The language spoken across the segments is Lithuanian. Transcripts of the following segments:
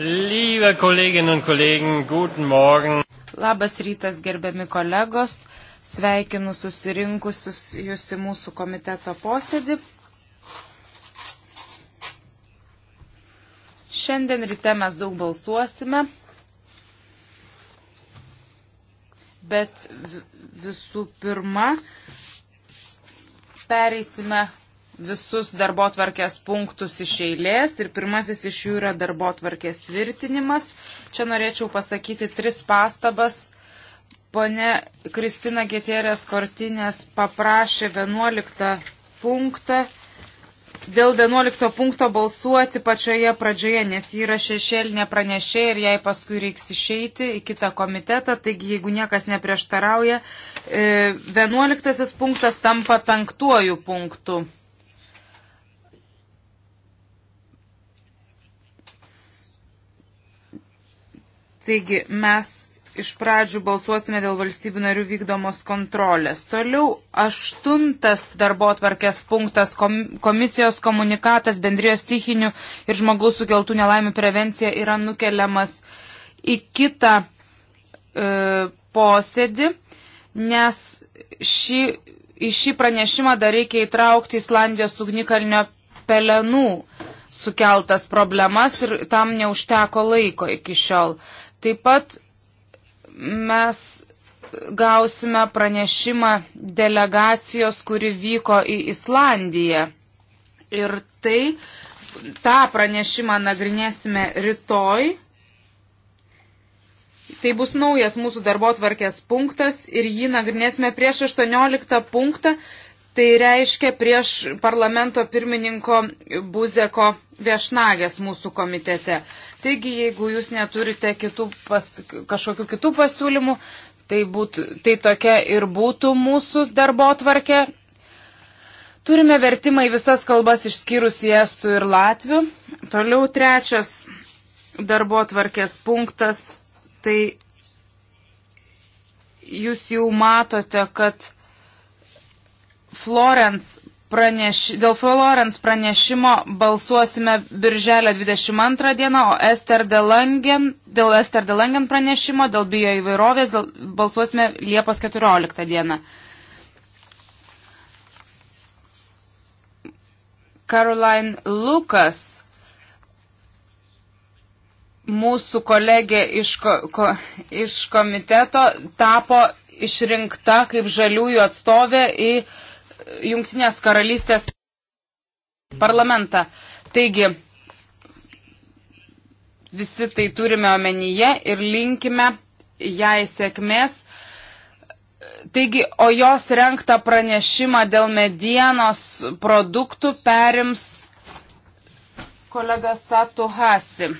Liebe Kolleginnen und Kollegen, guten Morgen. Labas rytas, gerbiami kolegos. Sveikinu susirinkusius jūs į mūsų komiteto posėdį. Šiandien ryte mes daug balsuosime, bet visų pirma pereisime visus darbo tvarkės punktus iš eilės ir pirmasis iš jų yra darbo tvarkės tvirtinimas. Čia norėčiau pasakyti tris pastabas. Pone Kristina Getierės Kortinės paprašė 11 punktą. Dėl 11 punkto balsuoti pačioje pradžioje, nes ji yra šešėlinė pranešė ir jai paskui reiks išeiti į kitą komitetą, taigi jeigu niekas neprieštarauja, 11 e, punktas tampa penktuoju punktu. Taigi mes iš pradžių balsuosime dėl valstybių narių vykdomos kontrolės. Toliau aštuntas darbo atvarkės punktas komisijos komunikatas bendrijos stichinių ir žmogaus sukeltų nelaimių prevencija yra nukeliamas į kitą e, posėdį, nes šį, į šį pranešimą dar reikia įtraukti Islandijos ugnikalnio pelenų sukeltas problemas ir tam neužteko laiko iki šiol. Taip pat mes gausime pranešimą delegacijos, kuri vyko į Islandiją. Ir tai, tą pranešimą nagrinėsime rytoj. Tai bus naujas mūsų darbo tvarkės punktas ir jį nagrinėsime prieš 18 punktą. Tai reiškia prieš parlamento pirmininko Buzeko viešnagės mūsų komitete. Taigi, jeigu jūs neturite kitų pas, kažkokių kitų pasiūlymų, tai, būt, tai tokia ir būtų mūsų darbo tvarkė. Turime vertimą į visas kalbas išskyrus į estų ir latvių. Toliau trečias darbo tvarkės punktas. Tai jūs jau matote, kad Florence praneš, dėl Florence pranešimo balsuosime birželio 22 dieną, o Ester Delangen, dėl Ester Delangen pranešimo, dėl bijo įvairovės dėl, balsuosime Liepos 14 dieną. Caroline Lucas, mūsų kolegė iš, ko, ko, iš komiteto, tapo išrinkta kaip žaliųjų atstovė į uh, Jungtinės karalystės parlamentą. Taigi, visi tai turime omenyje ir linkime jai sėkmės. Taigi, o jos renktą pranešimą dėl medienos produktų perims kolega Satuhasi.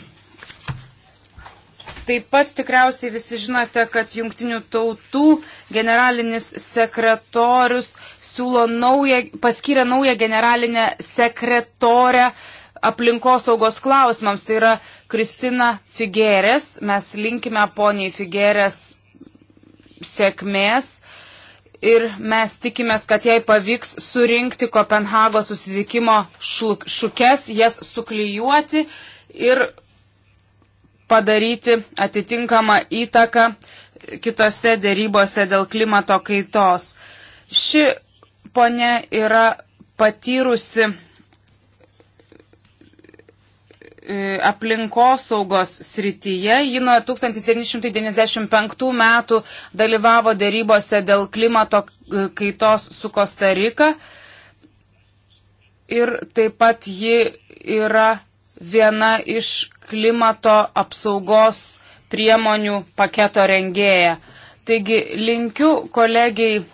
Taip pat tikriausiai visi žinote, kad jungtinių tautų generalinis sekretorius siūlo naują, paskyrė naują generalinę sekretorę aplinkosaugos klausimams. Tai yra Kristina Figerės. Mes linkime poniai Figerės sėkmės. Ir mes tikimės, kad jai pavyks surinkti Kopenhagos susitikimo šukes, jas suklyjuoti ir padaryti atitinkamą įtaką kitose dėrybose dėl klimato kaitos. Ši ponė yra patyrusi e, aplinkosaugos srityje. Ji nuo 1995 metų dalyvavo dėrybose dėl klimato e, kaitos su Kostarika. Ir taip pat ji yra viena iš klimato apsaugos priemonių paketo rengėja. Taigi linkiu kolegiai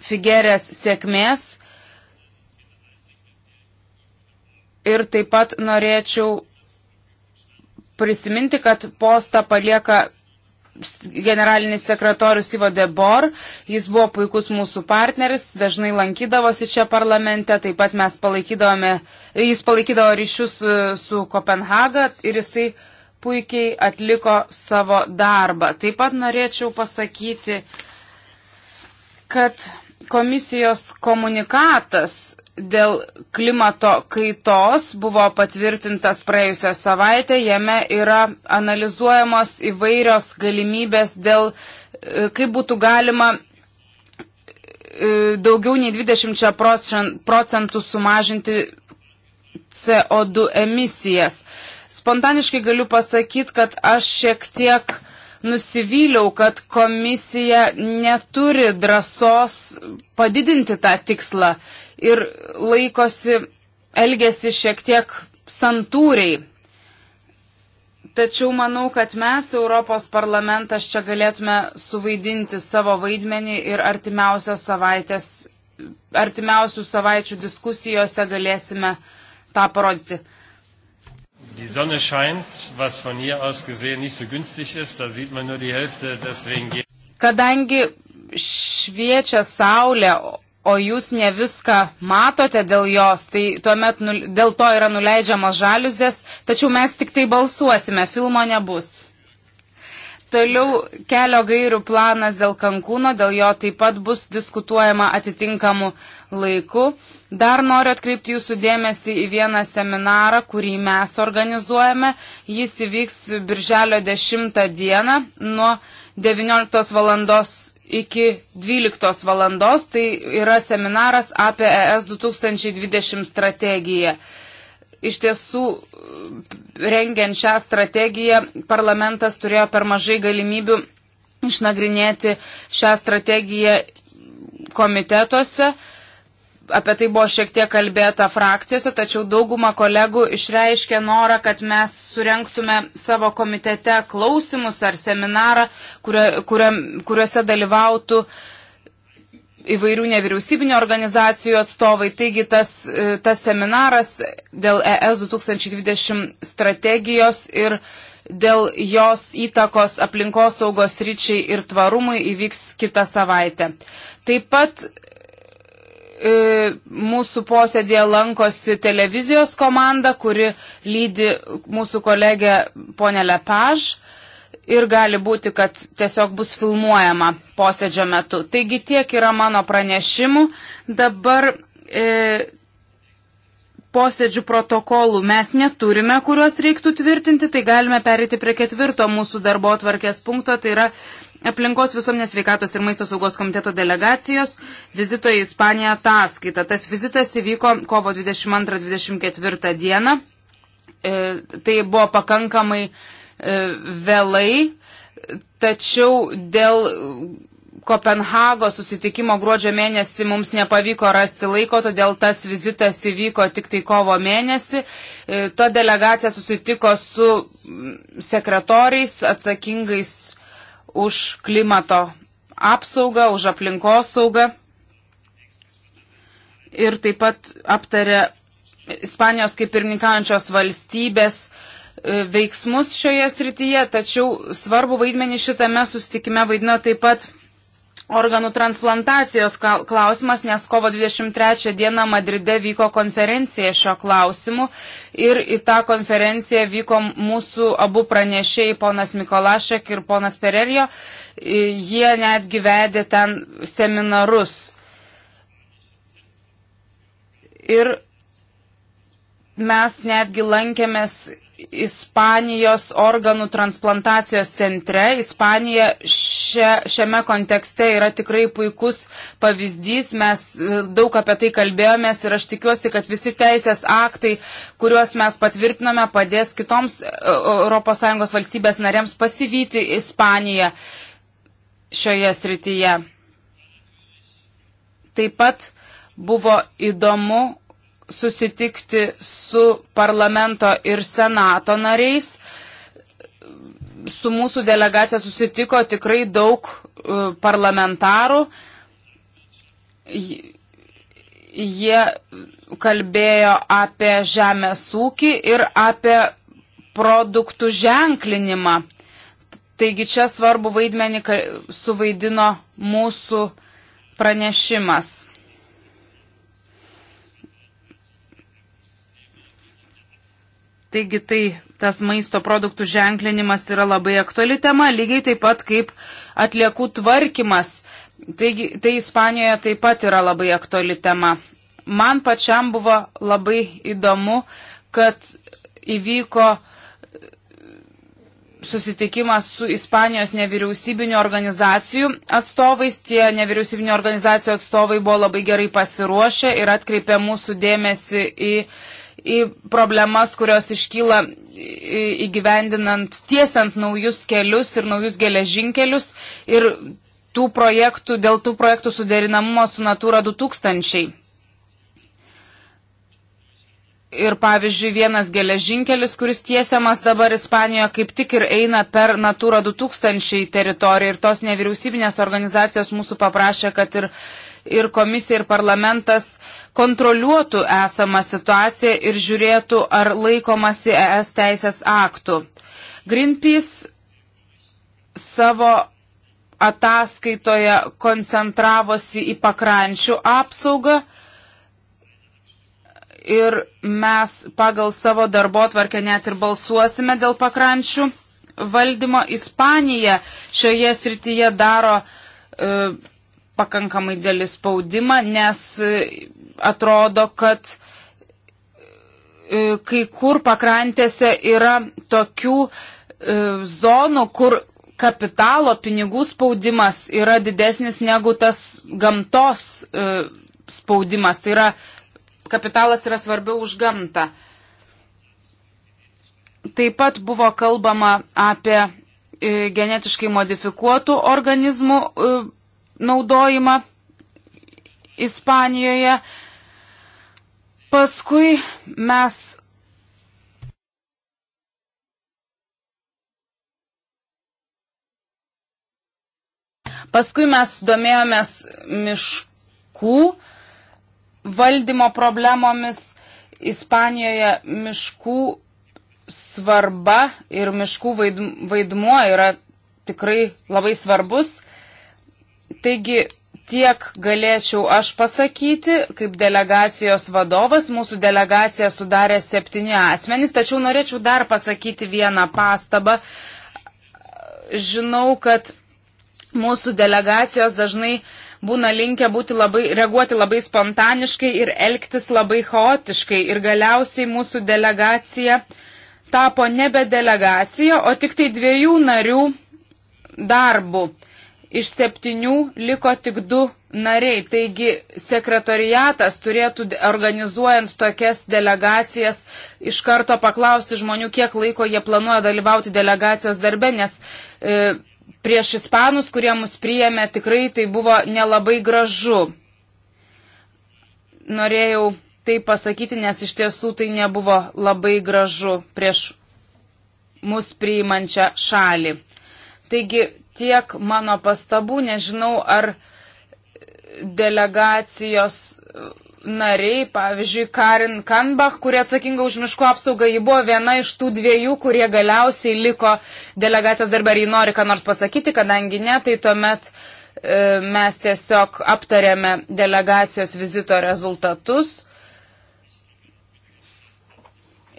Figerės sėkmės ir taip pat norėčiau prisiminti, kad postą palieka generalinis sekretorius Ivo Debor. Jis buvo puikus mūsų partneris, dažnai lankydavosi čia parlamente, taip pat mes palaikydavome, jis palaikydavo ryšius su, e, su Kopenhaga ir jisai puikiai atliko savo darbą. Taip pat norėčiau pasakyti, kad komisijos komunikatas dėl klimato kaitos buvo patvirtintas praėjusią savaitę. Jame yra analizuojamos įvairios galimybės dėl, e, kaip būtų galima e, daugiau nei 20 procentų sumažinti CO2 emisijas. Spontaniškai galiu pasakyti, kad aš šiek tiek nusivyliau, kad komisija neturi drąsos padidinti tą tikslą ir laikosi, elgesi šiek tiek santūriai. Tačiau manau, kad mes, Europos parlamentas, čia galėtume suvaidinti savo vaidmenį ir artimiausios savaitės, artimiausių savaičių diskusijose galėsime tą parodyti. Die Sonne scheint, was von hier aus gesehen nicht so günstig ist, da sieht man nur die Hälfte, deswegen geht. Kadangi šviečia saulė, o jūs ne viską matote dėl jos, tai tuomet dėl to yra nuleidžiamas žaliuzės, tačiau mes tik tai balsuosime, filmo nebus. Toliau kelio gairių planas dėl Kankūno, dėl jo taip pat bus diskutuojama atitinkamu laiku. Dar noriu atkreipti jūsų dėmesį į vieną seminarą, kurį mes organizuojame. Jis įvyks birželio 10 dieną nuo 19 valandos iki 12 valandos. Tai yra seminaras apie ES 2020 strategiją iš tiesų rengiant šią strategiją parlamentas turėjo per mažai galimybių išnagrinėti šią strategiją komitetuose. Apie tai buvo šiek tiek kalbėta frakcijose, tačiau dauguma kolegų išreiškė norą, kad mes surenktume savo komitete klausimus ar seminarą, kurio, kurio, kuriuose dalyvautų uh, įvairių nevyriausybinio organizacijų atstovai. Taigi tas, e, tas seminaras dėl ES 2020 strategijos ir dėl jos įtakos aplinkos saugos ryčiai ir tvarumui įvyks kitą savaitę. Taip pat e, mūsų posėdėje lankosi televizijos komanda, kuri lydi mūsų kolegę ponę Lepaž ir gali būti, kad tiesiog bus filmuojama posėdžio metu. Taigi tiek yra mano pranešimų. Dabar e, posėdžių protokolų mes neturime, kuriuos reiktų tvirtinti, tai galime perėti prie ketvirto mūsų darbo tvarkės punkto, tai yra aplinkos visuomenės veikatos ir maisto saugos komiteto delegacijos vizito į Ispaniją ataskaita. Tas vizitas įvyko kovo 22-24 dieną. E, tai buvo pakankamai E, vėlai, tačiau dėl Kopenhagos susitikimo gruodžio mėnesį mums nepavyko rasti laiko, todėl tas vizitas įvyko tik tai kovo mėnesį. E, Ta delegacija susitiko su sekretoriais atsakingais už klimato apsaugą, už aplinkos saugą. Ir taip pat aptarė Ispanijos kaip pirmininkaujančios valstybės uh, E, veiksmus šioje srityje, tačiau svarbu vaidmenį šitame sustikime vaidino taip pat organų transplantacijos klausimas, nes kovo 23 dieną Madride vyko konferencija šio klausimu ir į tą konferenciją vyko mūsų abu pranešėjai, ponas Mikolašek ir ponas Pererijo. E, jie netgi vedė ten seminarus. Ir mes netgi lankėmės Ispanijos organų transplantacijos centre. Ispanija šia, šiame kontekste yra tikrai puikus pavyzdys. Mes e, daug apie tai kalbėjomės ir aš tikiuosi, kad visi teisės aktai, kuriuos mes patvirtinome, padės kitoms ES valstybės narėms pasivyti Ispaniją šioje srityje. Taip pat buvo įdomu susitikti su parlamento ir senato nariais. Su mūsų delegacija susitiko tikrai daug e, parlamentarų. Jie kalbėjo apie žemės ūkį ir apie produktų ženklinimą. Taigi čia svarbu vaidmenį suvaidino mūsų pranešimas. Taigi tai tas maisto produktų ženklinimas yra labai aktuali tema, lygiai taip pat kaip atliekų tvarkymas. Taigi tai Ispanijoje taip pat yra labai aktuali tema. Man pačiam buvo labai įdomu, kad įvyko susitikimas su Ispanijos nevyriausybinio organizacijų atstovais. Tie nevyriausybinio organizacijų atstovai buvo labai gerai pasiruošę ir atkreipė mūsų dėmesį į į problemas, kurios iškyla įgyvendinant, tiesiant naujus kelius ir naujus geležinkelius ir tų projektų, dėl tų projektų suderinamumo su Natūra 2000. Ir pavyzdžiui, vienas geležinkelis, kuris tiesiamas dabar Ispanijoje, kaip tik ir eina per Natūra 2000 teritoriją ir tos nevyriausybinės organizacijos mūsų paprašė, kad ir ir komisija ir parlamentas kontroliuotų esamą situaciją ir žiūrėtų, ar laikomasi ES teisės aktų. Greenpeace savo ataskaitoje koncentravosi į pakrančių apsaugą ir mes pagal savo darbo tvarkę net ir balsuosime dėl pakrančių valdymo. Ispanija šioje srityje daro e, pakankamai dėlį spaudimą, nes e, atrodo, kad e, kai kur pakrantėse yra tokių e, zonų, kur kapitalo pinigų spaudimas yra didesnis negu tas gamtos spaudimas. Tai yra, kapitalas yra svarbiau už gamtą. Taip pat buvo kalbama apie genetiškai modifikuotų organizmų naudojimą Ispanijoje. Paskui mes Paskui mes domėjomės miškų valdymo problemomis. Ispanijoje miškų svarba ir miškų vaidmuo yra tikrai labai svarbus. Taigi tiek galėčiau aš pasakyti, kaip delegacijos vadovas. Mūsų delegacija sudarė septyni asmenys, tačiau norėčiau dar pasakyti vieną pastabą. Žinau, kad mūsų delegacijos dažnai būna linkę būti labai, reaguoti labai spontaniškai ir elgtis labai chaotiškai. Ir galiausiai mūsų delegacija tapo nebe delegacija, o tik tai dviejų narių darbų iš septynių liko tik du nariai. Taigi sekretariatas turėtų, organizuojant tokias delegacijas, iš karto paklausti žmonių, kiek laiko jie planuoja dalyvauti delegacijos darbe, nes e, prieš ispanus, kurie mus priėmė, tikrai tai buvo nelabai gražu. Norėjau tai pasakyti, nes iš tiesų tai nebuvo labai gražu prieš mus priimančią šalį. Taigi tiek mano pastabų. Nežinau, ar delegacijos nariai, pavyzdžiui, Karin Kanbach, kurie atsakinga už miško apsaugą, ji buvo viena iš tų dviejų, kurie galiausiai liko delegacijos darbę. Ar ji nori ką nors pasakyti, kadangi ne, tai tuomet e, mes tiesiog aptarėme delegacijos vizito rezultatus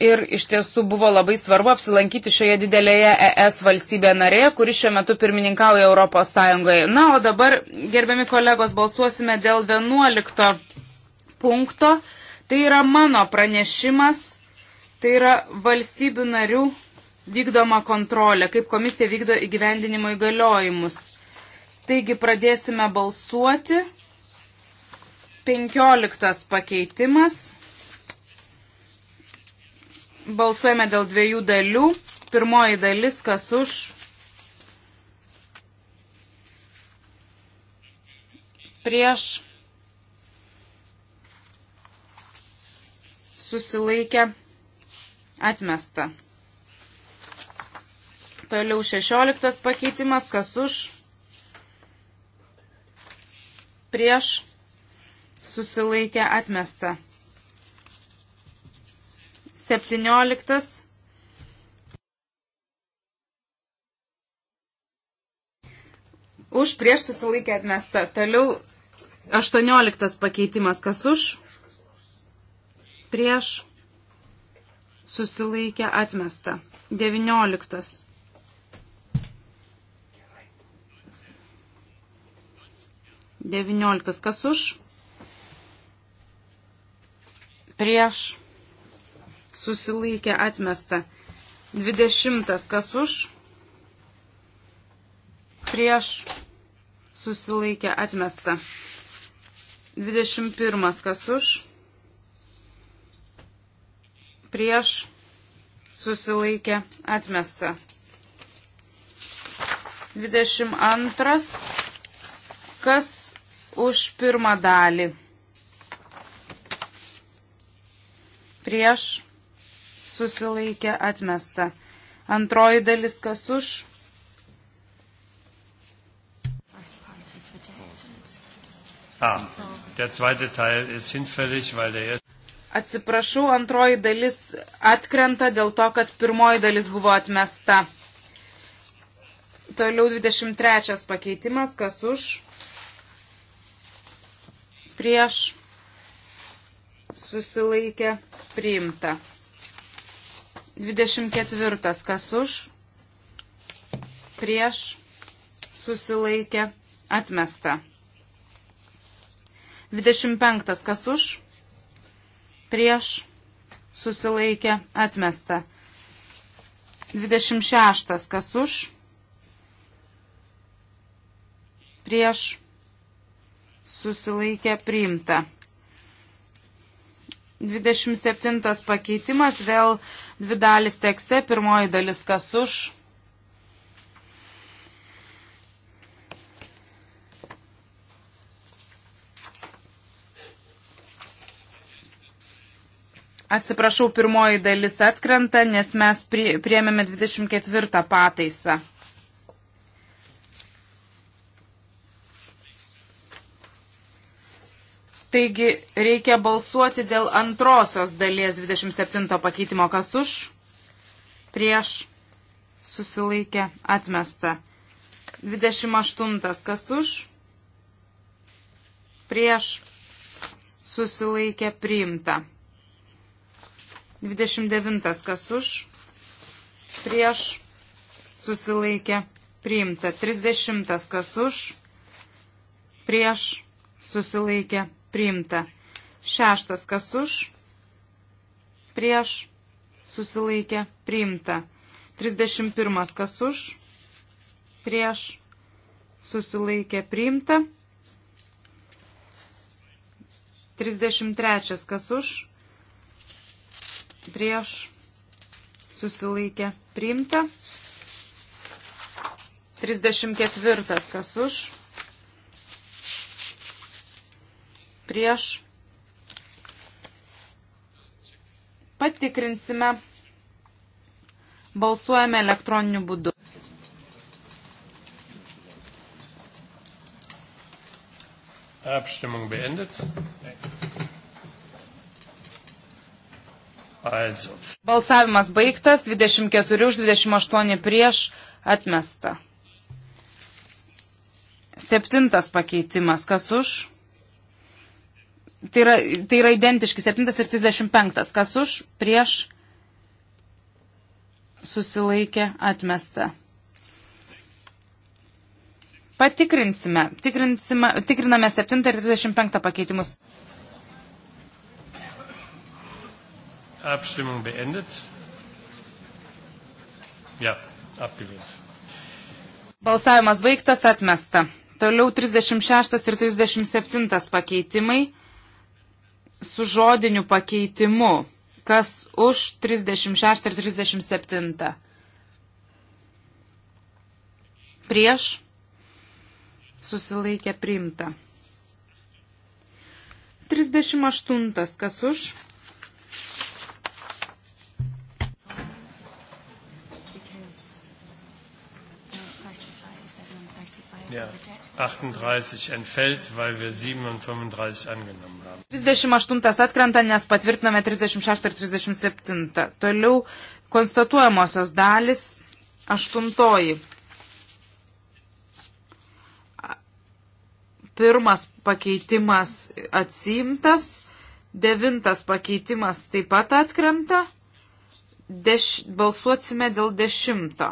ir iš tiesų buvo labai svarbu apsilankyti šioje didelėje ES valstybėje narėje, kuri šiuo metu pirmininkauja Europos Sąjungoje. Na, o dabar, gerbiami kolegos, balsuosime dėl 11 punkto. Tai yra mano pranešimas, tai yra valstybių narių vykdoma kontrolė, kaip komisija vykdo įgyvendinimo įgaliojimus. Taigi pradėsime balsuoti. 15 pakeitimas. Balsuojame dėl dviejų dalių. Pirmoji dalis, kas už. Prieš. Susilaikė. Atmesta. Toliau 16 pakeitimas, kas už. Prieš. Susilaikė. Atmesta. 17. Už prieš susilaikę atmesta. Toliau 18 pakeitimas. Kas už? Prieš susilaikę atmesta. 19. Devynioliktas kas už? Prieš susilaikė atmesta. 20. Kas už? Prieš susilaikė atmesta. 21. Kas už? Prieš susilaikė atmesta. 22. Kas už pirmą dalį? Prieš susilaikė atmesta. Antroji dalis kas už. Ah, der zweite Teil ist hinfällig, weil der erste. Atsiprašau, antroji dalis atkrenta dėl to, kad pirmoji dalis buvo atmesta. Toliau 23 pakeitimas, kas už, prieš, susilaikė, priimta. 24. Kas už? Prieš susilaikė atmesta. 25. Kas už? Prieš susilaikė atmesta. 26. Kas už? Prieš susilaikė priimta. 27 pakeitimas, vėl dvi dalis tekste, pirmoji dalis kas už. Atsiprašau, pirmoji dalis atkrenta, nes mes priėmėme 24 pataisą. Taigi reikia balsuoti dėl antrosios dalies 27 pakeitimo, kas už, prieš, susilaikė, atmesta. 28 kas už, prieš, susilaikė, priimta. 29 kas už, prieš, susilaikė, priimta. 30 kas už, prieš, susilaikė, priimta priimta. Šeštas, kas už, prieš, susilaikė, priimta. 31, kas už, prieš, susilaikė, priimta. 33, kas už, prieš, susilaikė, priimta. 34, kas už, prieš. Patikrinsime. Balsuojame elektroniniu būdu. Abstimmung beendet. Also. Balsavimas baigtas, 24 už 28 prieš atmesta. Septintas pakeitimas, kas už? Tai yra, tai yra identiški 7 ir 35. Kas už, prieš, susilaikė, atmesta. Patikrinsime. Tikrinsime, tikriname 7 ir 35 pakeitimus. Abstimmung beendet. Ja, abgelehnt. Balsavimas baigtas, atmesta. Toliau 36 ir 37 pakeitimai su žodiniu pakeitimu. Kas už 36 ir 37? Prieš susilaikė priimta. 38. Kas už? Ja, 38 entfällt, weil wir 7 und 35 angenommen haben. 38 atkrenta, nes patvirtiname 36 ir 37. Toliau konstatuojamosios dalis 8. Pirmas pakeitimas atsimtas, devintas pakeitimas taip pat atkrenta, deš, balsuosime dėl dešimto.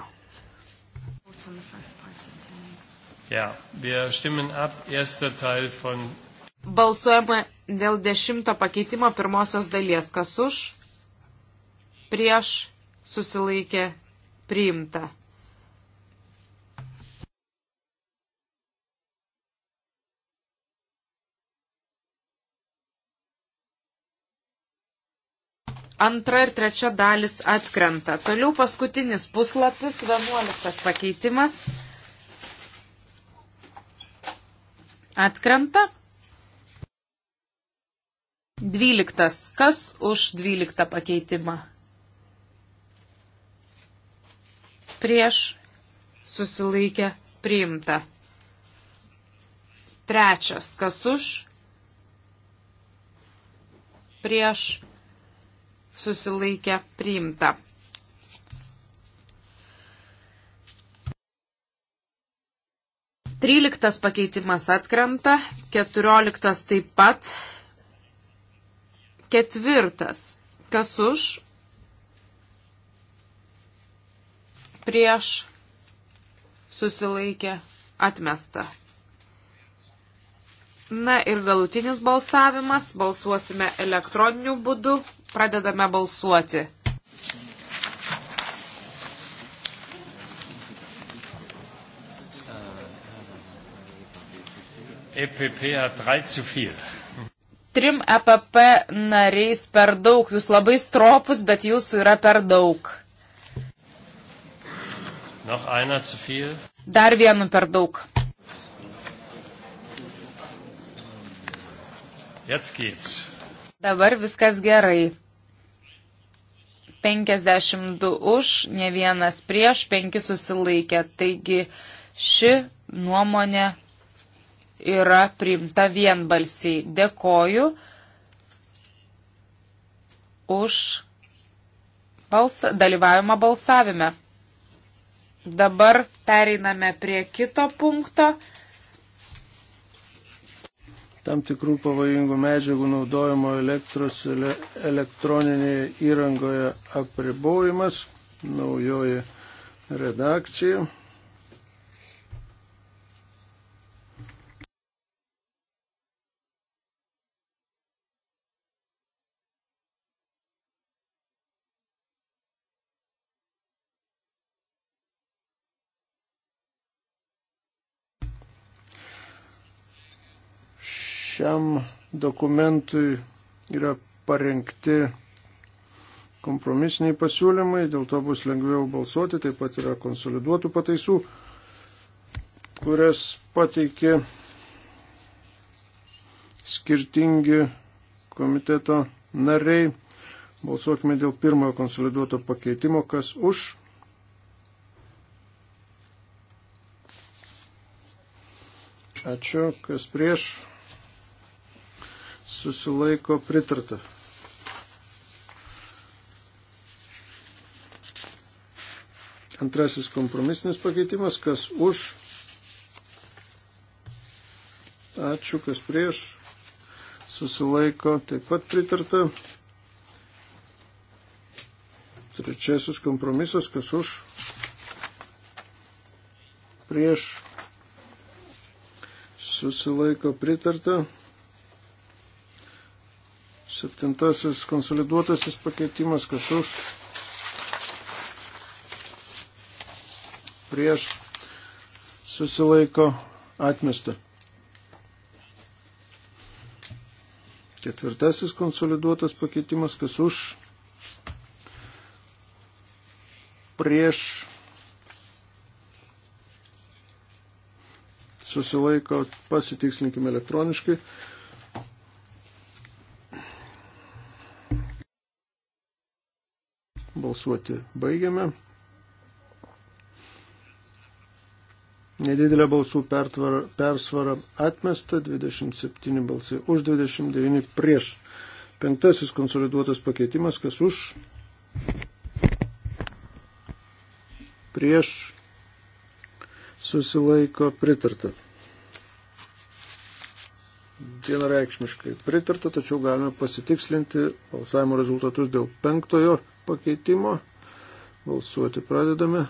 Ja, wir stimmen ab, erster Teil von. Balsuojama dėl dešimto pakeitimo pirmosios dalies. Kas už? Prieš susilaikė priimta. antra ir trečia dalis atkrenta. Toliau paskutinis puslapis, vienuoliktas pakeitimas. Atkrenta. Dvyliktas. Kas už dvyliktą pakeitimą? Prieš susilaikę priimta. Trečias. Kas už? Prieš susilaikę priimta. 13 pakeitimas atkrenta, 14 taip pat, ketvirtas, kas už, prieš, susilaikė, atmesta. Na ir galutinis balsavimas, balsuosime elektroniniu būdu, pradedame balsuoti. EPP hat 3 zu viel. Trim EPP nariais per daug, jūs labai stropus, bet jūsų yra per daug. Noch einer zu viel. Dar vienu per daug. Jetzt geht's. Dabar viskas gerai. 52 už, ne vienas prieš, 5 susilaikė. Taigi ši nuomonė yra priimta vienbalsiai. Dėkoju už balsa, dalyvavimą balsavime. Dabar pereiname prie kito punkto. Tam tikrų pavojingų medžiagų naudojimo elektros ele, elektroninėje įrangoje apribojimas, naujoji redakcija. Šiam dokumentui yra parengti kompromisiniai pasiūlymai, dėl to bus lengviau balsuoti, taip pat yra konsoliduotų pataisų, kurias pateikė skirtingi komiteto nariai. Balsuokime dėl pirmojo konsoliduoto pakeitimo, kas už. Ačiū, kas prieš susilaiko pritarta. Antrasis kompromisinis pakeitimas, kas už. Ačiū, kas prieš. Susilaiko taip pat pritarta. Trečiasis kompromisas, kas už. Prieš. Susilaiko pritarta. Septintasis konsoliduotasis pakeitimas, kas už prieš susilaiko atmesta. Ketvirtasis konsoliduotas pakeitimas, kas už prieš susilaiko, pasitikslinkime elektroniškai. balsuoti baigiame. Nedidelė balsų pertvara, persvara atmesta, 27 balsai už, 29 prieš. Penktasis konsoliduotas pakeitimas, kas už, prieš, susilaiko pritarta. Vienareikšmiškai pritarta, tačiau galime pasitikslinti balsavimo rezultatus dėl penktojo pakeitimo. Balsuoti pradedame.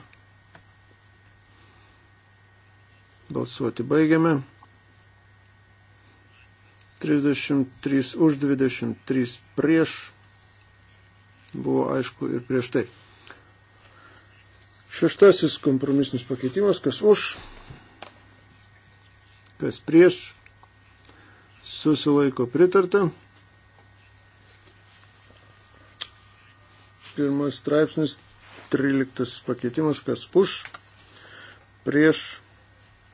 Balsuoti baigiame. 33 už 23 prieš. Buvo aišku ir prieš tai. Šeštasis kompromisinis pakeitimas, kas už, kas prieš, susilaiko pritarta. skirmas straipsnis, 13 pakeitimas, kas už, prieš,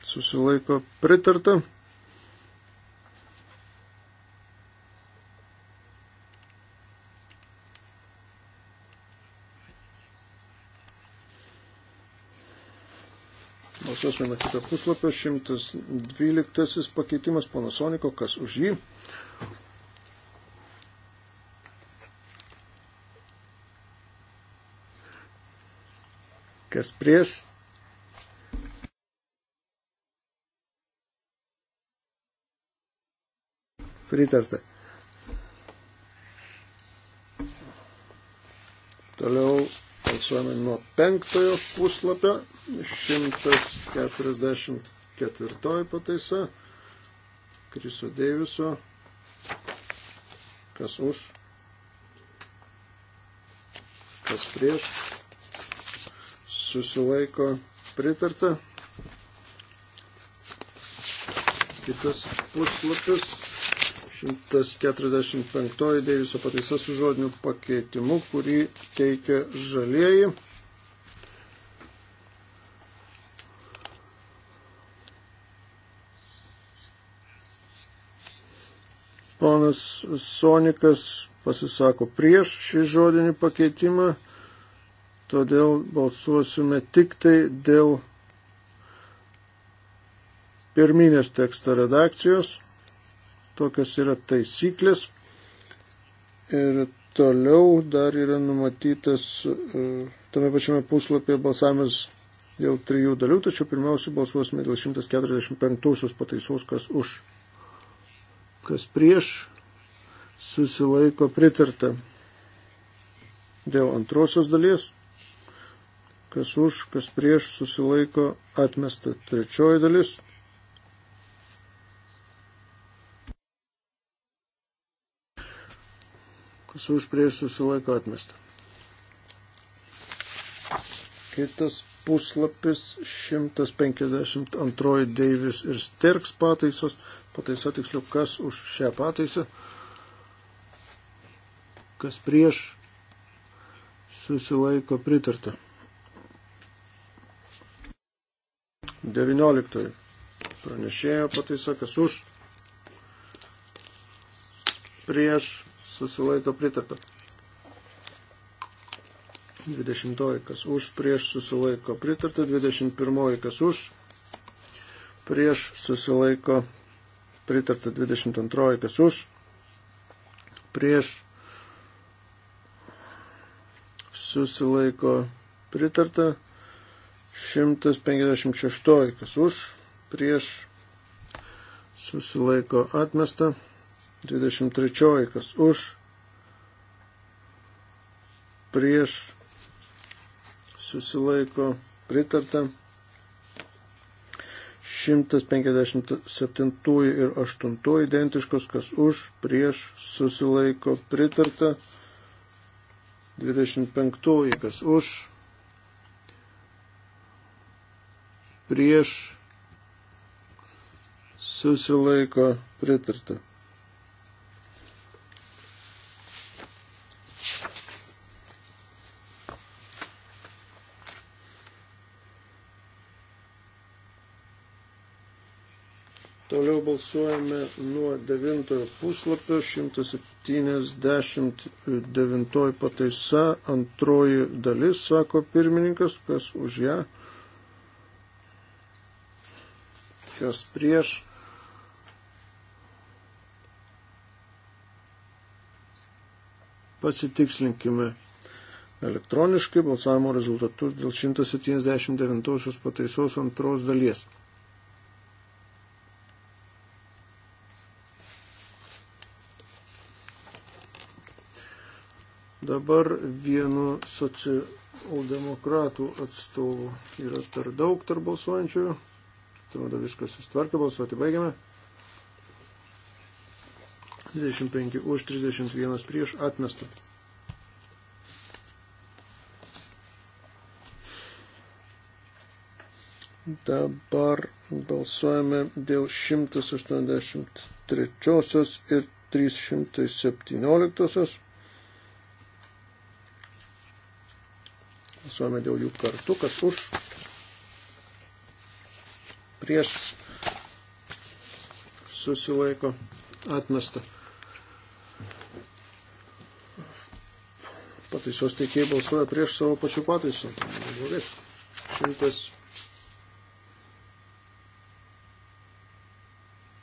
susilaiko pritarta. Balsuosime kitą puslapį, 112 pakeitimas, ponas Soniko, kas už jį, kas prieš. Pritarta. Toliau balsuojame nuo penktojo puslapio, 144 pataisa, Kriso Deiviso, kas už, kas prieš susilaiko pritarta. Kitas puslapis. 145 dėviso pataisa su žodiniu pakeitimu, kurį teikia žalieji. Ponas Sonikas pasisako prieš šį žodinį pakeitimą todėl balsuosime tik tai dėl pirminės teksto redakcijos. Tokios yra taisyklės. Ir toliau dar yra numatytas e, tame pačiame puslapyje balsavimas dėl trijų dalių, tačiau pirmiausia balsuosime dėl 145 pataisos, kas už, kas prieš, susilaiko pritarta. Dėl antrosios dalies kas už, kas prieš susilaiko atmesta. Trečioji dalis. Kas už prieš susilaiko atmesta. Kitas puslapis 152 Deivis ir Sterks pataisos. Pataisa tiksliau, kas už šią pataisą. Kas prieš susilaiko pritarta. 19. Pranešėjo pataisa, kas už, prieš, susilaiko pritarta. 20. kas už, prieš, susilaiko pritarta. 21. kas už, prieš, susilaiko pritarta. 22. kas už, prieš, susilaiko pritarta. 156, kas už, prieš, susilaiko atmesta, 23, kas už, prieš, susilaiko pritarta, 157 ir 8 identiškus, kas už, prieš, susilaiko pritarta, 25, kas už, prieš susilaiko pritarta. Toliau balsuojame nuo 9 puslapio 179 pataisa antroji dalis, sako pirmininkas, kas už ją. Ja. kas prieš. Pasitikslinkime elektroniškai balsavimo rezultatus dėl 179 pataisos antros dalies. Dabar vienu socialdemokratų atstovu yra per daug tarp balsuojančiųjų. Atrodo viskas sustvarkė, balsuoti baigiame. 25 už, 31 prieš, atmesta. Dabar balsuojame dėl 183 ir 317. Balsuojame dėl jų kartu, kas už, prieš susilaiko atmesta. Pataisos teikėjai balsuoja prieš savo pačių pataisą. Gerai. Šimtas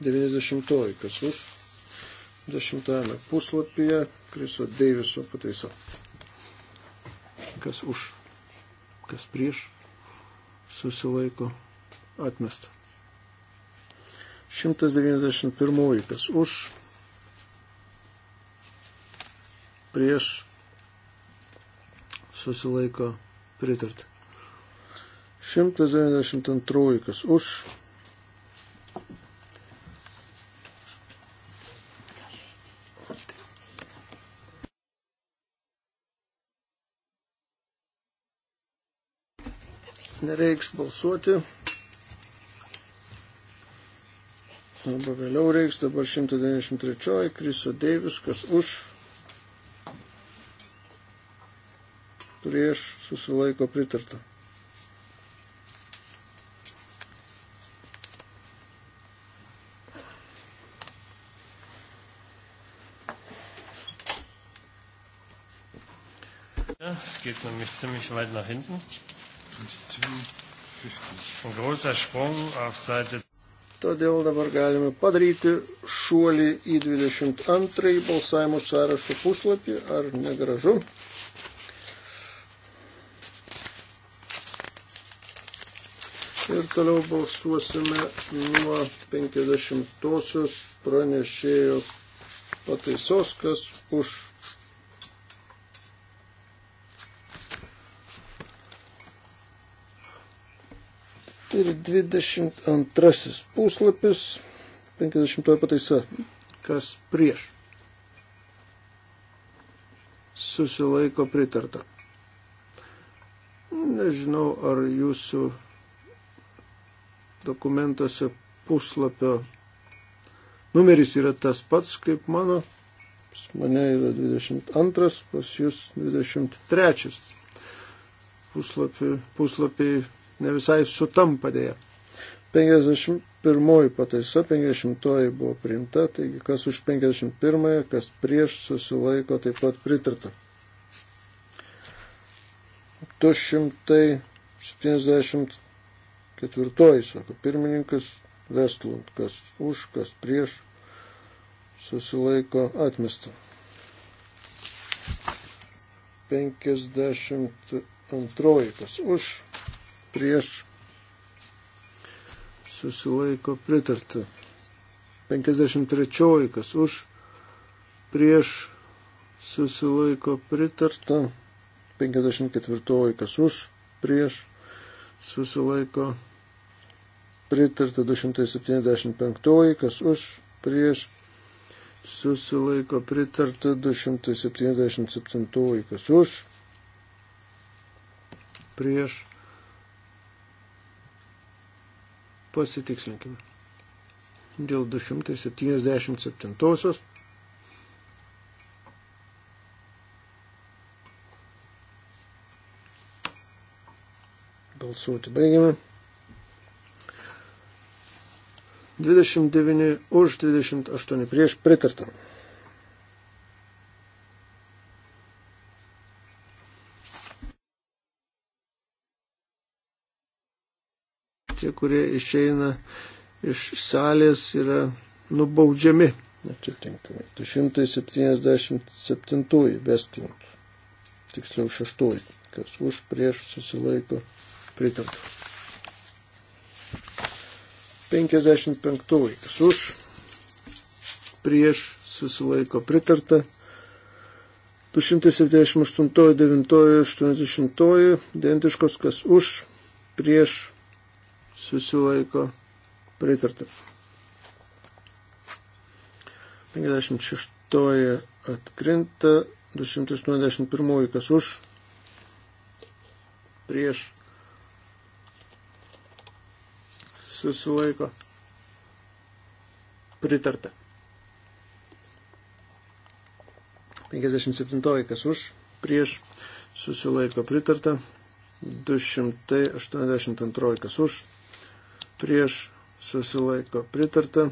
90 kas už 10 puslapyje Kriso Deiviso pataiso. Kas už, kas prieš susilaiko atmesta. 191 kas už, prieš, susilaiko pritarti. 192 kas už, nereiks balsuoti. arba vėliau reiks. Dabar 193. Kriso Deivis, kas už. Prieš susilaiko pritarta. Es geht nämlich ziemlich weit nach hinten. 52. Ein großer Sprung auf Seite Todėl dabar galime padaryti šuolį į 22 balsavimo sąrašo puslapį. Ar negražu? Ir toliau balsuosime nuo 50-osios pranešėjo pataisos, kas už Ir 22 puslapis, 50 pataisa, kas prieš. Susilaiko pritarta. Nežinau, ar jūsų dokumentuose puslapio numeris yra tas pats kaip mano. Pas mane yra 22, pas jūs 23. Puslapį, puslapį ne visai sutampa dėja. 51 pataisa, 50 buvo priimta, taigi kas už 51, kas prieš susilaiko taip pat pritarta. 274, sako pirmininkas Vestlund, kas už, kas prieš susilaiko atmestą. 52, kas už, prieš susilaiko pritarta. 53 kas už prieš susilaiko pritarta. 54 kas už prieš susilaiko pritarta. 275 kas už prieš susilaiko pritarta 277 kas už, prieš Pasitikslinkime. Dėl 277. Balsuoti baigiame. 29 už 28 prieš pritartam. tie, kurie išeina iš salės, yra nubaudžiami. Atitinkamai. 277 vestlund. Tiksliau 6. Kas už prieš susilaiko pritarta. 55. Kas už prieš susilaiko pritarta. 278, 9, 80, identiškos, kas už, prieš, susilaiko pritarta. 56 atkrinta, 281 kas už, prieš susilaiko pritarta. 57 kas už, prieš susilaiko pritarta. 282 kas už, prieš susilaiko pritarta.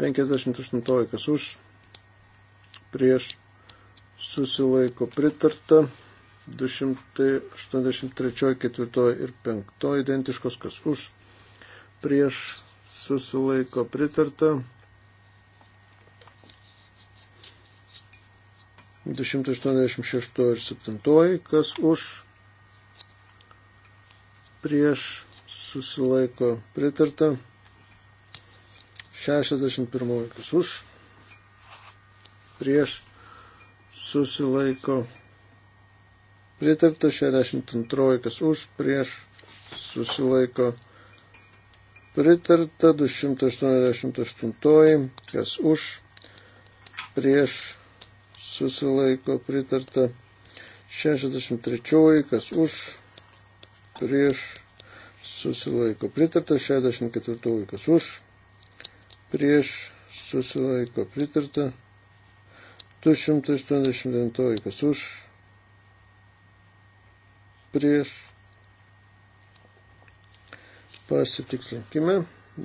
58 kas už prieš susilaiko pritarta. 283, 4 ir 5 identiškos kas už prieš susilaiko pritarta. 286 ir 7, kas už prieš susilaiko pritarta. 61 kas už, prieš susilaiko pritarta. 62 kas už, prieš susilaiko pritarta. 288 kas už, prieš susilaiko pritarta. 63 kas už, prieš susilaiko. Pritarta 64 kas už, prieš susilaiko. Pritarta 289 kas už, prieš pasitikslinkime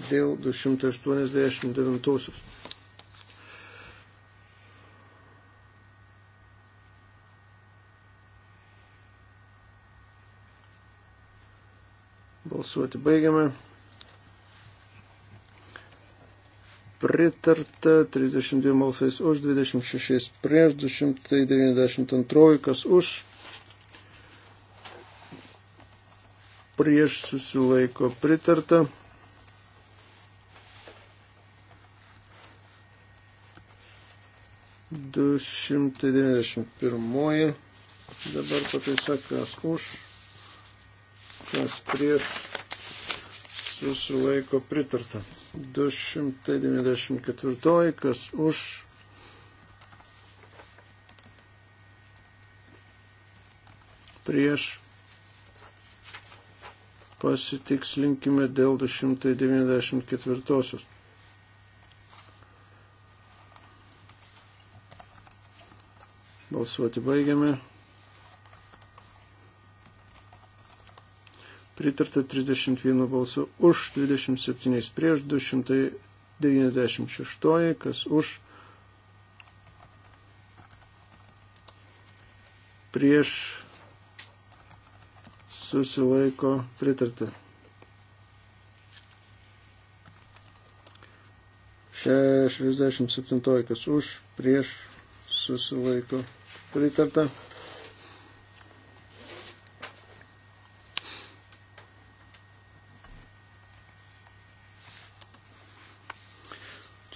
dėl 289. Balsuoti baigiame. Pritarta 32 balsais už, 26 prieš, 292 kas už. Prieš susilaiko pritarta. Du šimtai devyniasdešimt pirmoji dabar pataisa, kas už, kas prieš susilaiko pritarta. 294, kas už. Prieš pasitikslinkime dėl 294. Balsuoti baigiame. pritarta 31 balsu už, 27 prieš, 296, kas už, prieš susilaiko pritarta. 67 kas už, prieš susilaiko pritarta.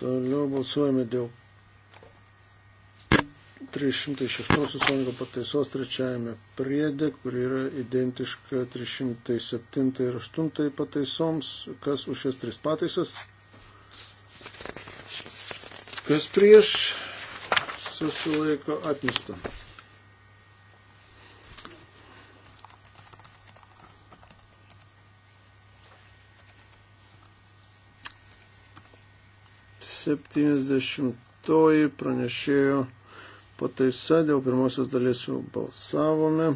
Toliau balsuojame dėl 306 sąjungo pataisos trečiajame priedė, kuri yra identiška 307 ir 8 pataisoms. Kas už šias tris pataisas? Kas prieš susilaiko atmestą. 70 pranešėjo pataisa, dėl pirmosios dalies jau balsavome.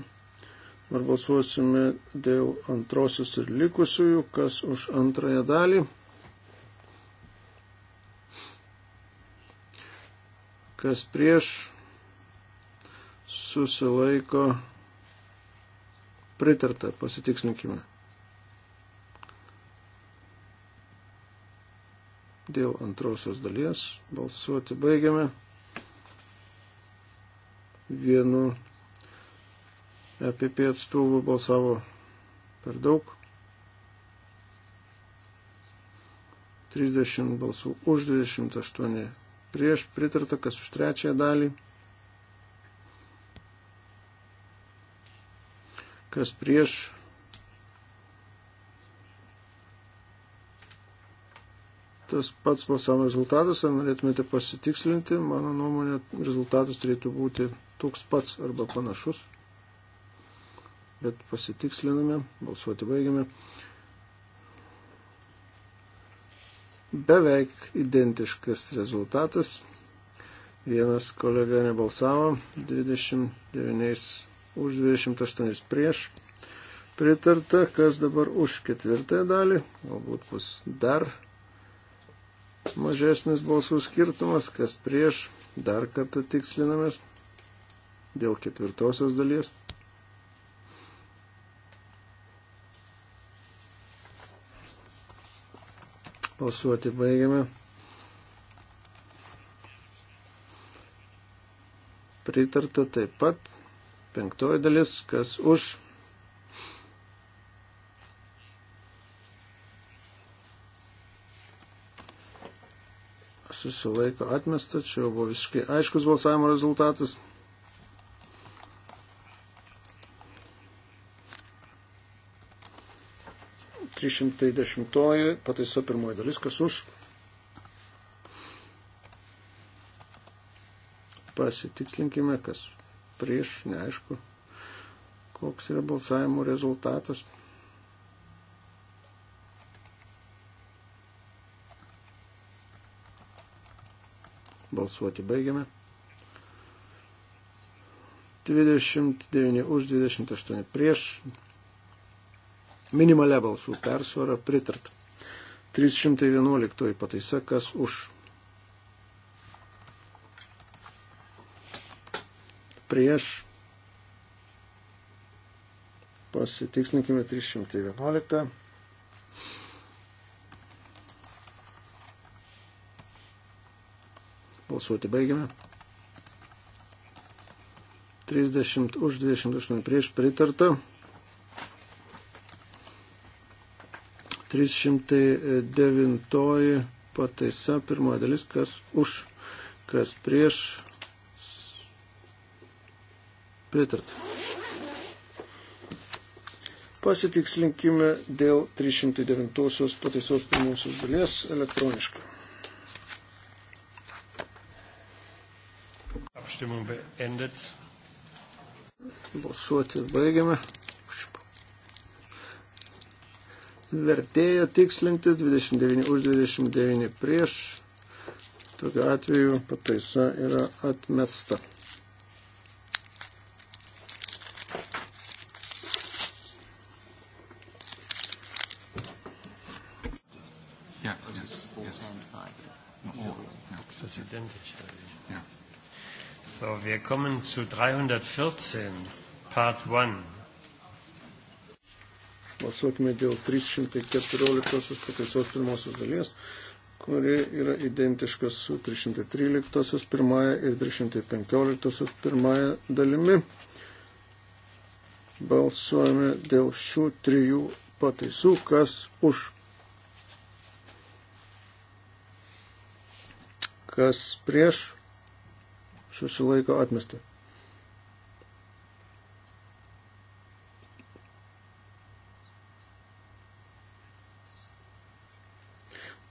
Ar balsuosime dėl antrosios ir likusiųjų, kas už antrąją dalį. Kas prieš susilaiko pritarta, pasitikslinkime. dėl antrosios dalies. Balsuoti baigiame. Vienu EPP atstovų balsavo per daug. 30 balsų už 28 prieš pritarta, kas už trečiąją dalį, kas prieš tas pats balsavimo rezultatas, ar norėtumėte pasitikslinti, mano nuomonė, rezultatas turėtų būti toks pats arba panašus. Bet pasitiksliname, balsuoti baigiame. Beveik identiškas rezultatas. Vienas kolega nebalsavo, 29 už 28 prieš pritarta, kas dabar už ketvirtąją dalį, galbūt bus dar mažesnis balsų skirtumas, kas prieš, dar kartą tikslinamės dėl ketvirtosios dalies. Balsuoti baigiame. Pritarta taip pat penktoji dalis, kas už susilaiko atmesta, čia jau buvo visiškai aiškus balsavimo rezultatas. Trišimtai dešimtoji, pataisa pirmoji dalis, kas už. Pasitikslinkime, kas prieš, neaišku, koks yra balsavimo rezultatas. 316. Balsuoti baigiame. 29 už 28 prieš. Minimalia balsų persvara pritart. 311 pataisa, kas už. Prieš. Pasitikslinkime 311. Balsuoti baigiame. 30 už 28 prieš pritarta. 309 pataisa, pirmoji dalis, kas už, kas prieš. Pritarta. Pasitikslinkime dėl 309 pataisos pirmosios dalies elektroniškai. Abstimmung beendet. Balsuoti baigiame. Vertėjo tikslintis 29 už 29 prieš. Tokiu atveju pataisa yra atmesta. kommen zu 314, Part 1. Balsuokime dėl 314 pataisos pirmosios dalies, kuri yra identiška su 313 pirmąją ir 315 pirmąją dalimi. Balsuojame dėl šių trijų pataisų, kas už kas prieš susilaiko atmesta.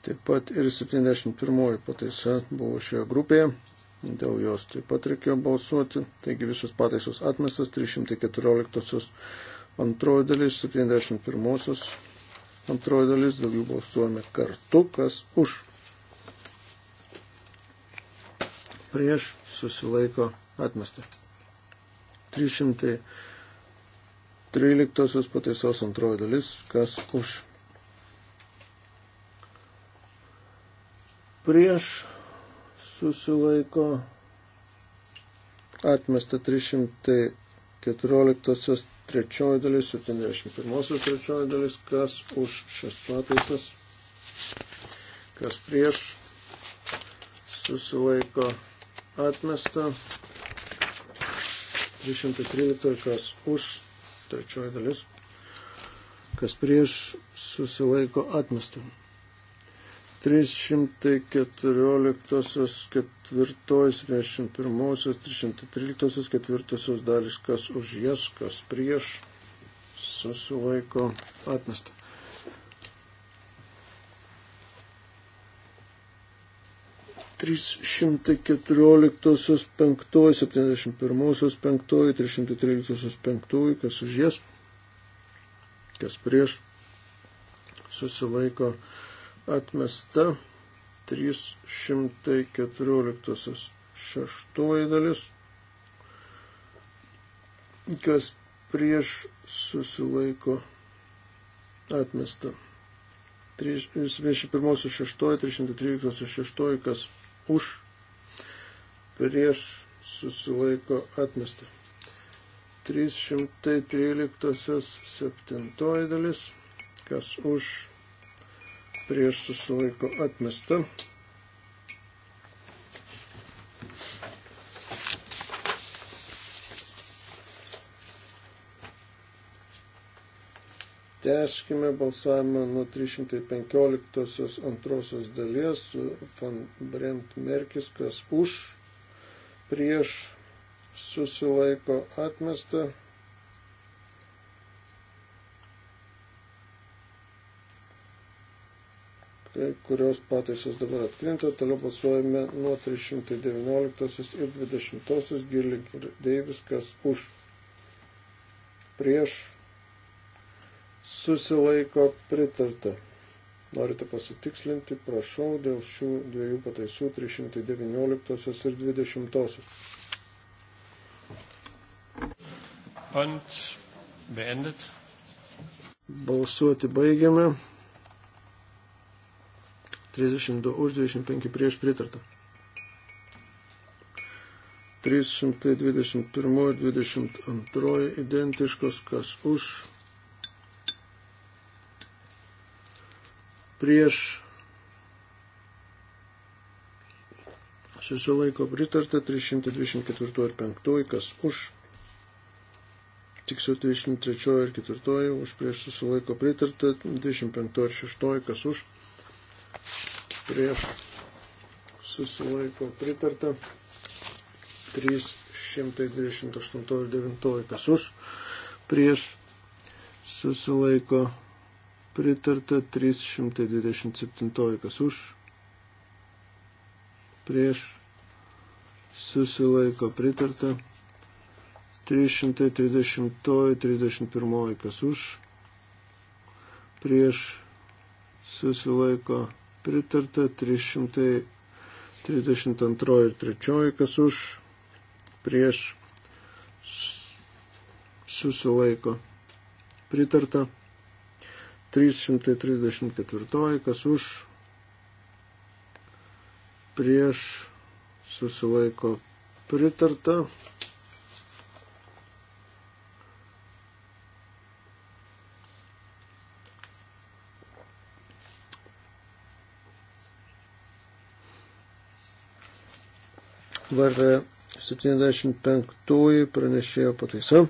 Taip pat ir 71 pataisa buvo šioje grupėje, dėl jos taip pat reikėjo balsuoti, taigi visos pataisos atmestas, 314 antroji dalis, 71 antroji dalis, daugiau balsuojame kartu, kas už prieš susilaiko atmesta. 313 pataisos antroji dalis, kas už prieš susilaiko atmesta 314 trečioji dalis, 71 trečioji dalis, kas už šias pataisas, kas prieš susilaiko atmesta atmesta. 313 kas už, trečioji dalis, kas prieš susilaiko atmesta. 314, 4, 71, 313, 4 dalis, kas už jas, kas prieš, susilaiko atmesta. 314, 5, 71, 5, 313, 5, kas už jas, kas prieš, susilaiko atmesta 314, 6 dalis, kas prieš, susilaiko atmesta. 21.6, 313.6, kas už, prieš susilaiko atmesta. 313 septintoji dalis, kas už, prieš susilaiko atmesta. Teskime balsavimą nuo 315 antrosios dalies. Fan Brent Merkis, kas už, prieš, susilaiko atmestą. kai kurios pataisos dabar atkrinta, toliau balsuojame nuo 319 ir 20 Girling ir Deivis, kas už prieš susilaiko pritarta. Norite pasitikslinti, prašau, dėl šių dviejų pataisų 319 ir 20. Ant beendit. Balsuoti baigiame. 32 už 25 prieš pritartą. 321 ir 22 identiškos, kas už prieš susilaiko pritarta 324 ir 5, kas už, tiksliau 23 ir 4, už prieš susilaiko pritarta 25 ir 6, kas už, prieš susilaiko pritarta 328 ir 9, kas už, prieš susilaiko pritarta pritarta 327, kas už, prieš, susilaiko pritarta 330, 31, kas už, prieš, susilaiko pritarta 332 ir 3, kas už, prieš, susilaiko pritarta 332. 334, kas už, prieš, susilaiko pritarta. Dabar 75 pranešėjo pataisa.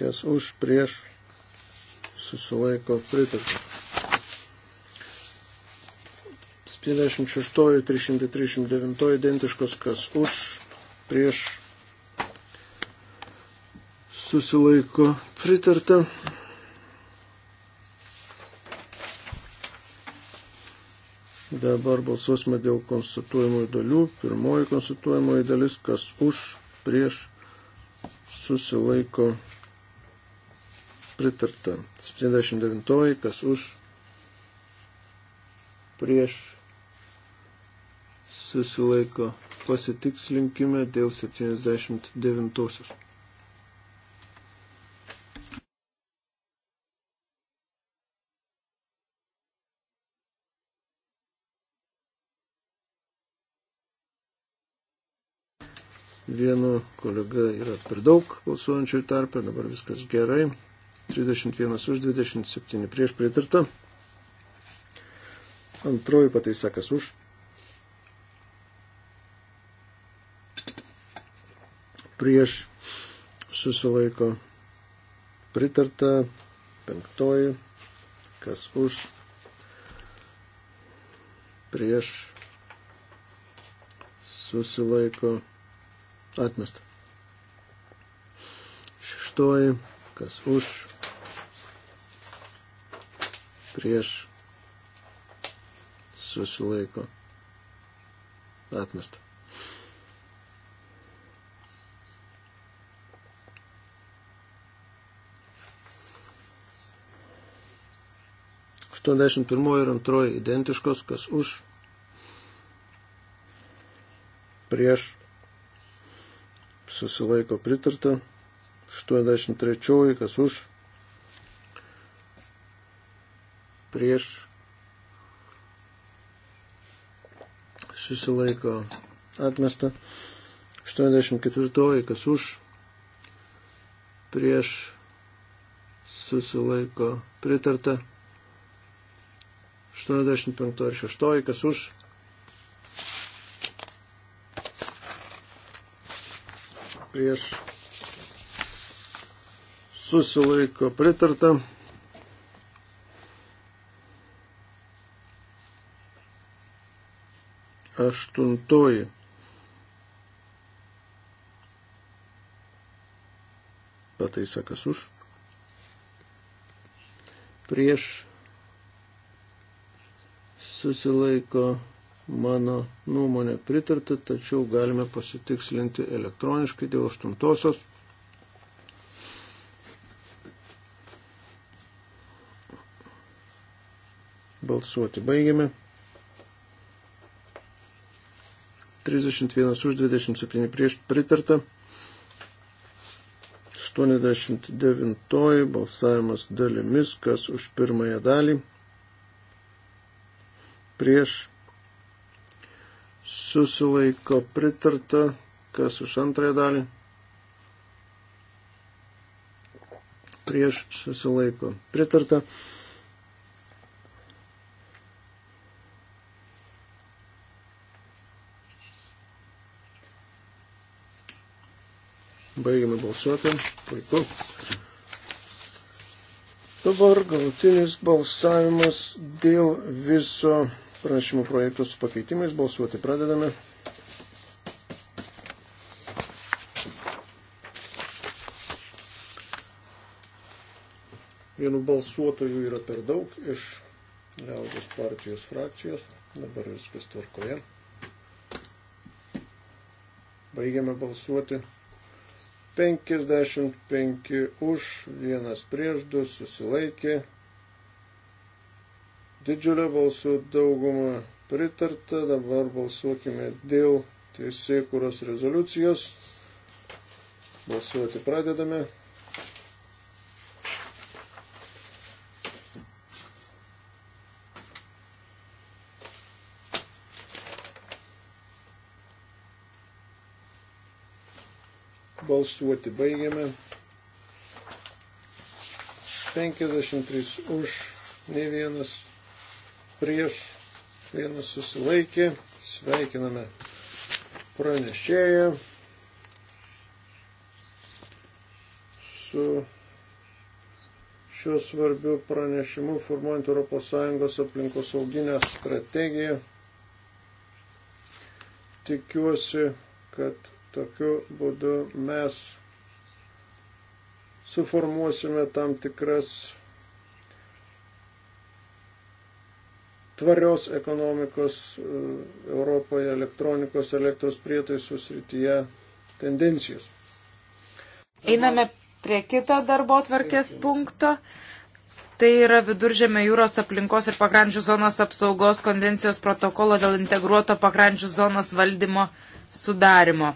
kas už prieš susilaiko pritarta. 56 ir 339 identiškos, kas už prieš susilaiko pritarta. Dabar balsuosime dėl konstatuojamųjų dalių. Pirmoji konstatuojamoji dalis, kas už, prieš, susilaiko pritarta. 79. Kas už prieš susilaiko. Pasitikslinkime dėl 79. vienu kolega yra per daug balsuojančių tarpę, dabar viskas gerai. 31 už 27 prieš pritarta. Antroji pataisa kas už. Prieš susilaiko pritarta. Penktoji kas už. Prieš susilaiko atmesta. Šeštoji kas už prieš susilaiko atmesta. Aštuoniasdešimt pirmoji ir antroji identiškos, kas už, prieš, susilaiko pritarta, aštuoniasdešimt trečioji, kas už, prieš susilaiko atmesta. 84 kas už prieš susilaiko pritarta. 85 ir 6 kas už prieš susilaiko pritarta. aštuntoji. Pataisa kas už. Prieš susilaiko mano nuomonė pritarta, tačiau galime pasitikslinti elektroniškai dėl aštuntosios. Balsuoti baigiame. 31 už 27 prieš pritarta. 89 balsavimas dalimis, kas už pirmąją dalį prieš susilaiko pritarta, kas už antrąją dalį prieš susilaiko pritarta. Baigiame balsuoti. Puiku. Dabar galutinis balsavimas dėl viso pranešimo projekto su pakeitimais. Balsuoti pradedame. Vienu balsuotojų yra per daug iš liaudės partijos frakcijos. Dabar viskas tvarkoje. Baigiame balsuoti. 55 už, vienas prieš du susilaikė. Didžiulio balsų daugumą pritarta. Dabar balsuokime dėl teisėkuros rezoliucijos. Balsuoti pradedame. Balsuoti baigiame. 53 už, ne vienas prieš, vienas susilaikė. Sveikiname pranešėją su šiuo svarbiu pranešimu formuojant ES aplinkosauginę strategiją. Tikiuosi, kad Tokiu būdu mes suformuosime tam tikras tvarios ekonomikos e, Europoje elektronikos elektros prietaisų srityje tendencijas. Einame prie kito darbo tvarkės punkto. Tai yra Viduržėmio jūros aplinkos ir pakrančių zonos apsaugos konvencijos protokolo dėl integruoto pakrančių zonos valdymo sudarimo.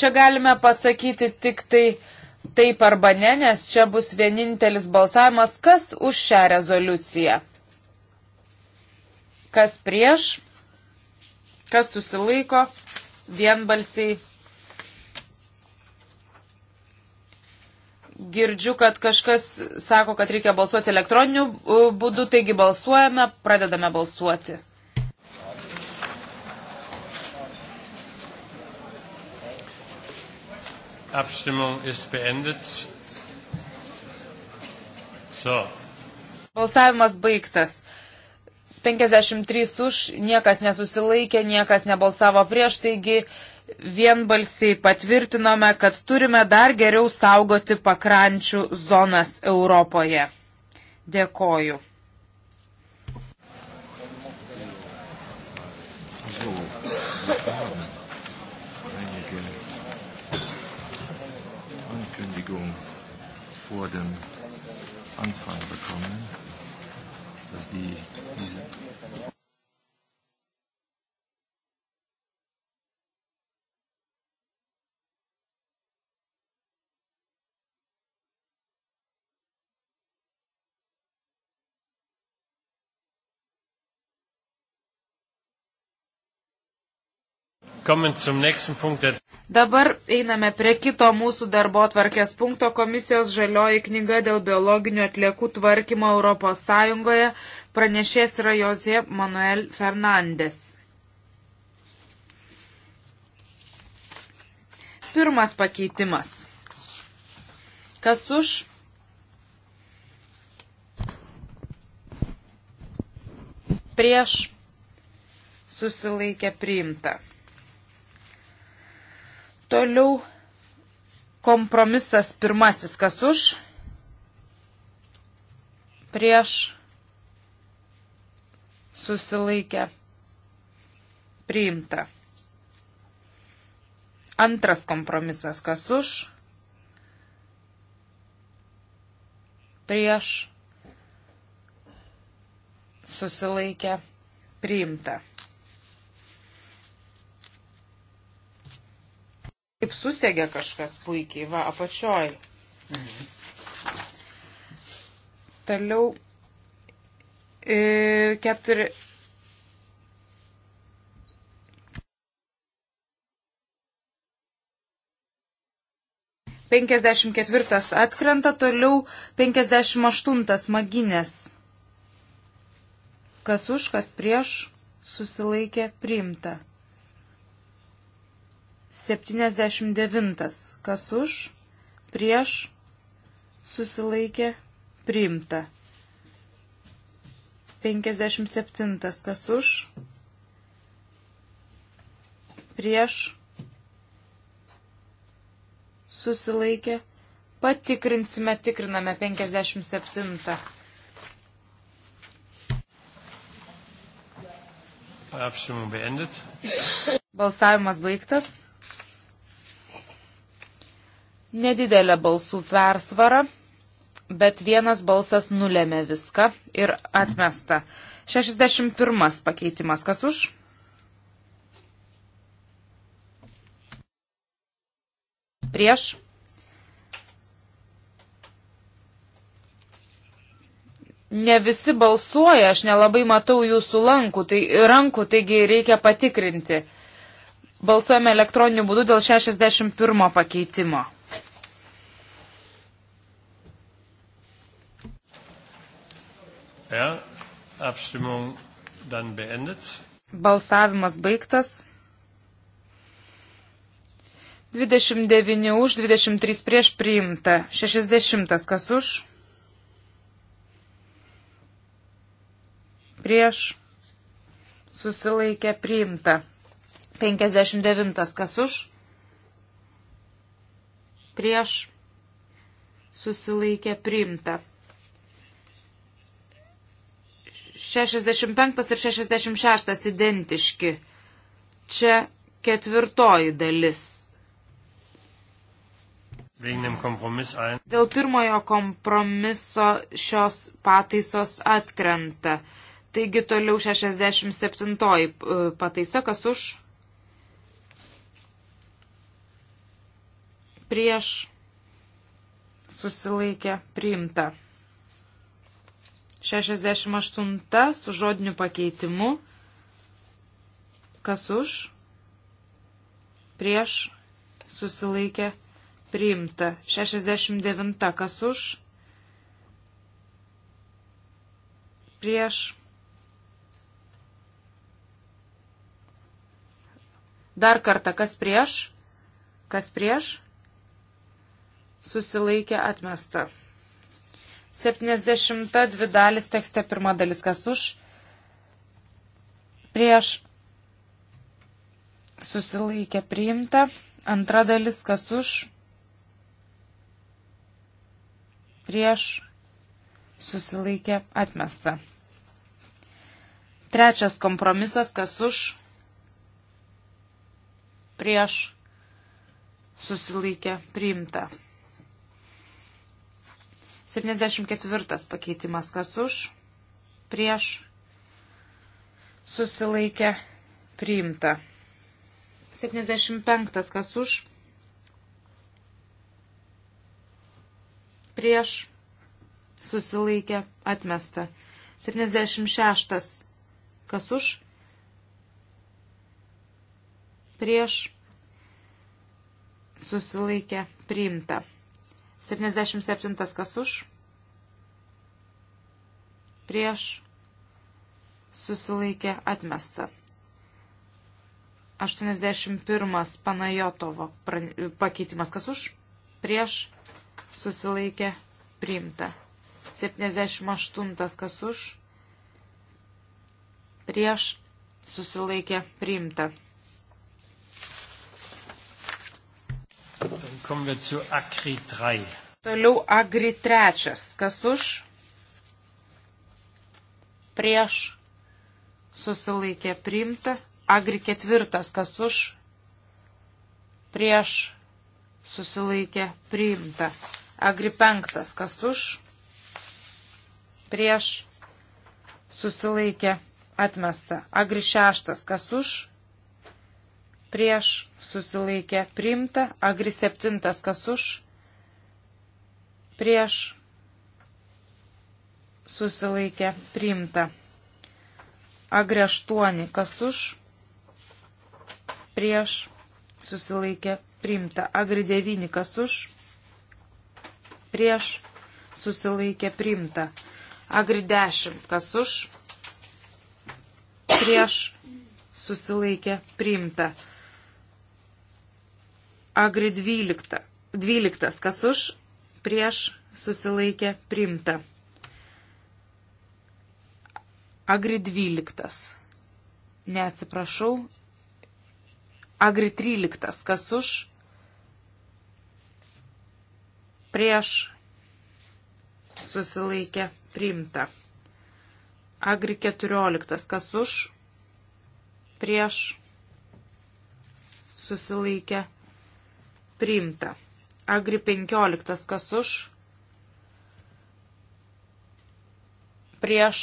Čia galime pasakyti tik tai taip arba ne, nes čia bus vienintelis balsavimas, kas už šią rezoliuciją. Kas prieš, kas susilaiko, vienbalsiai. Girdžiu, kad kažkas sako, kad reikia balsuoti elektroniniu uh, būdu, taigi balsuojame, pradedame balsuoti. Abstimmung ist beendet. So. Balsavimas baigtas. 53 už, niekas nesusilaikė, niekas nebalsavo prieš, taigi vienbalsiai patvirtinome, kad turime dar geriau saugoti pakrančių zonas Europoje. Dėkoju. So. vor dem Anfang. Dabar einame prie kito mūsų darbo tvarkės punkto komisijos žalioji knyga dėl biologinių atliekų tvarkymo Europos Sąjungoje. Pranešės yra Jose Manuel Fernandes. Pirmas pakeitimas. Kas už? Prieš susilaikė priimta. Toliau kompromisas pirmasis, kas už, prieš, susilaikę, priimta. Antras kompromisas, kas už, prieš, susilaikę, priimta. Kaip susegė kažkas puikiai, va, apačioj. Mhm. Toliau. E, keturi. Penkiasdešimt ketvirtas atkrenta, toliau penkiasdešimt aštuntas maginės. Kas už, kas prieš, susilaikė priimta. 79. Kas už, prieš, susilaikė, priimta. 57. Kas už, prieš, susilaikė. Patikrinsime, tikriname 57. Balsavimas baigtas nedidelę balsų persvarą, bet vienas balsas nulėmė viską ir atmesta. 61 pakeitimas. Kas už? Prieš. ne visi balsuoja, aš nelabai matau jūsų lankų, tai, rankų, taigi reikia patikrinti. Balsuojame elektroniniu būdu dėl 61 pakeitimo. Ja, Abstimmung dann beendet. Balsavimas baigtas. 29 už, 23 prieš priimta. 60 kas už? Prieš. Susilaikė priimta. 59 kas už? Prieš. Susilaikė priimta. 65 ir 66 identiški. Čia ketvirtoji dalis. Dėl pirmojo kompromiso šios pataisos atkrenta. Taigi toliau 67 e, pataisa, kas už? Prieš susilaikė priimta. 68 su žodiniu pakeitimu. Kas už? Prieš susilaikė priimta. 69 kas už? Prieš. Dar kartą kas prieš? Kas prieš? Susilaikė atmesta. 72 dalis tekste pirma dalis, kas už, prieš susilaikė priimta, antra dalis, kas už, prieš susilaikė atmesta. Trečias kompromisas, kas už, prieš susilaikė priimta. 74 pakeitimas, kas už, prieš, susilaikė, priimta. 75 kas už, prieš, susilaikė, atmesta. 76 kas už, prieš, susilaikė, priimta. 77 kas už, prieš, susilaikė atmesta. 81 Panajotovo pakeitimas kas už, prieš, susilaikė priimta. 78 kas už, prieš, susilaikė priimta. Toliau Agri trečias. Kas už? Prieš. Susilaikė priimta. Agri ketvirtas. Kas už? Prieš. Susilaikė priimta. Agri penktas. Kas už? Prieš. Susilaikė atmesta. Agri šeštas. Kas už? prieš susilaikė priimta, agri septintas kas už, prieš susilaikė priimta, agri aštuoni kas už, prieš susilaikė priimta, agri devyni kas už, prieš susilaikė priimta, agri dešimt kas už, prieš susilaikė priimta. Agri 12. 12. Kas už, prieš, susilaikė, priimta. Agri 12. Neatsiprašau. Agri 13. Kas už, prieš, susilaikė, priimta. Agri 14. Kas už, prieš, susilaikė, priimta susilaikė priimta. Agri 15, kas už, prieš,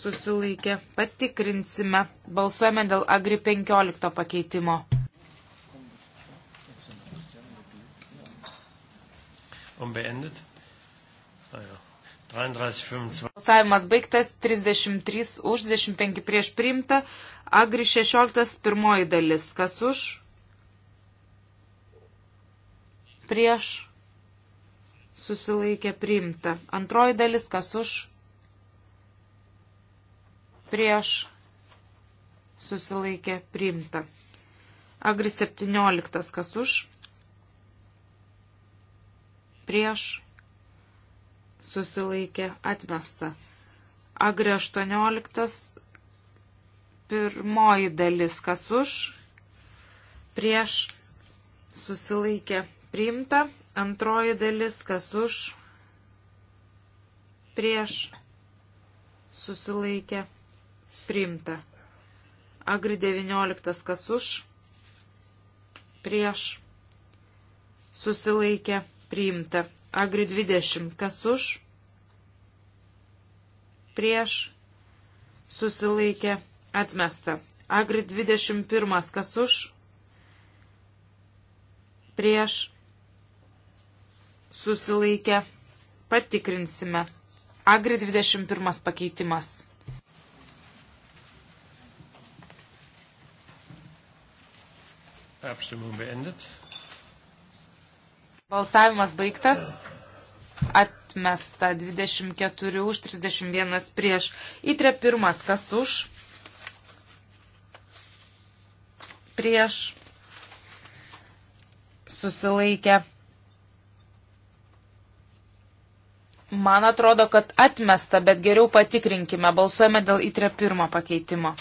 susilaikė, patikrinsime, balsuojame dėl Agri 15 pakeitimo. Unbeendet. Balsavimas baigtas 33 už 25 prieš priimta. Agri 16 pirmoji dalis. Kas už? Prieš susilaikė priimta. Antroji dalis. Kas už? Prieš susilaikė priimta. Agri 17. Kas už? Prieš susilaikė atmesta. Agri 18, pirmoji dalis, kas už, prieš susilaikė priimta, antroji dalis, kas už, prieš susilaikė priimta. Agri 19, kas už, prieš susilaikė priimta priimta. Agri 20, kas už, prieš, susilaikė, atmesta. Agri 21, kas už, prieš, susilaikė, patikrinsime. Agri 21 pakeitimas. Abstimmung beendet. Balsavimas baigtas. Atmesta 24 už 31 prieš. Įtrė pirmas, kas už. Prieš. Susilaikė. Man atrodo, kad atmesta, bet geriau patikrinkime. Balsuojame dėl įtrė pirmo pakeitimo.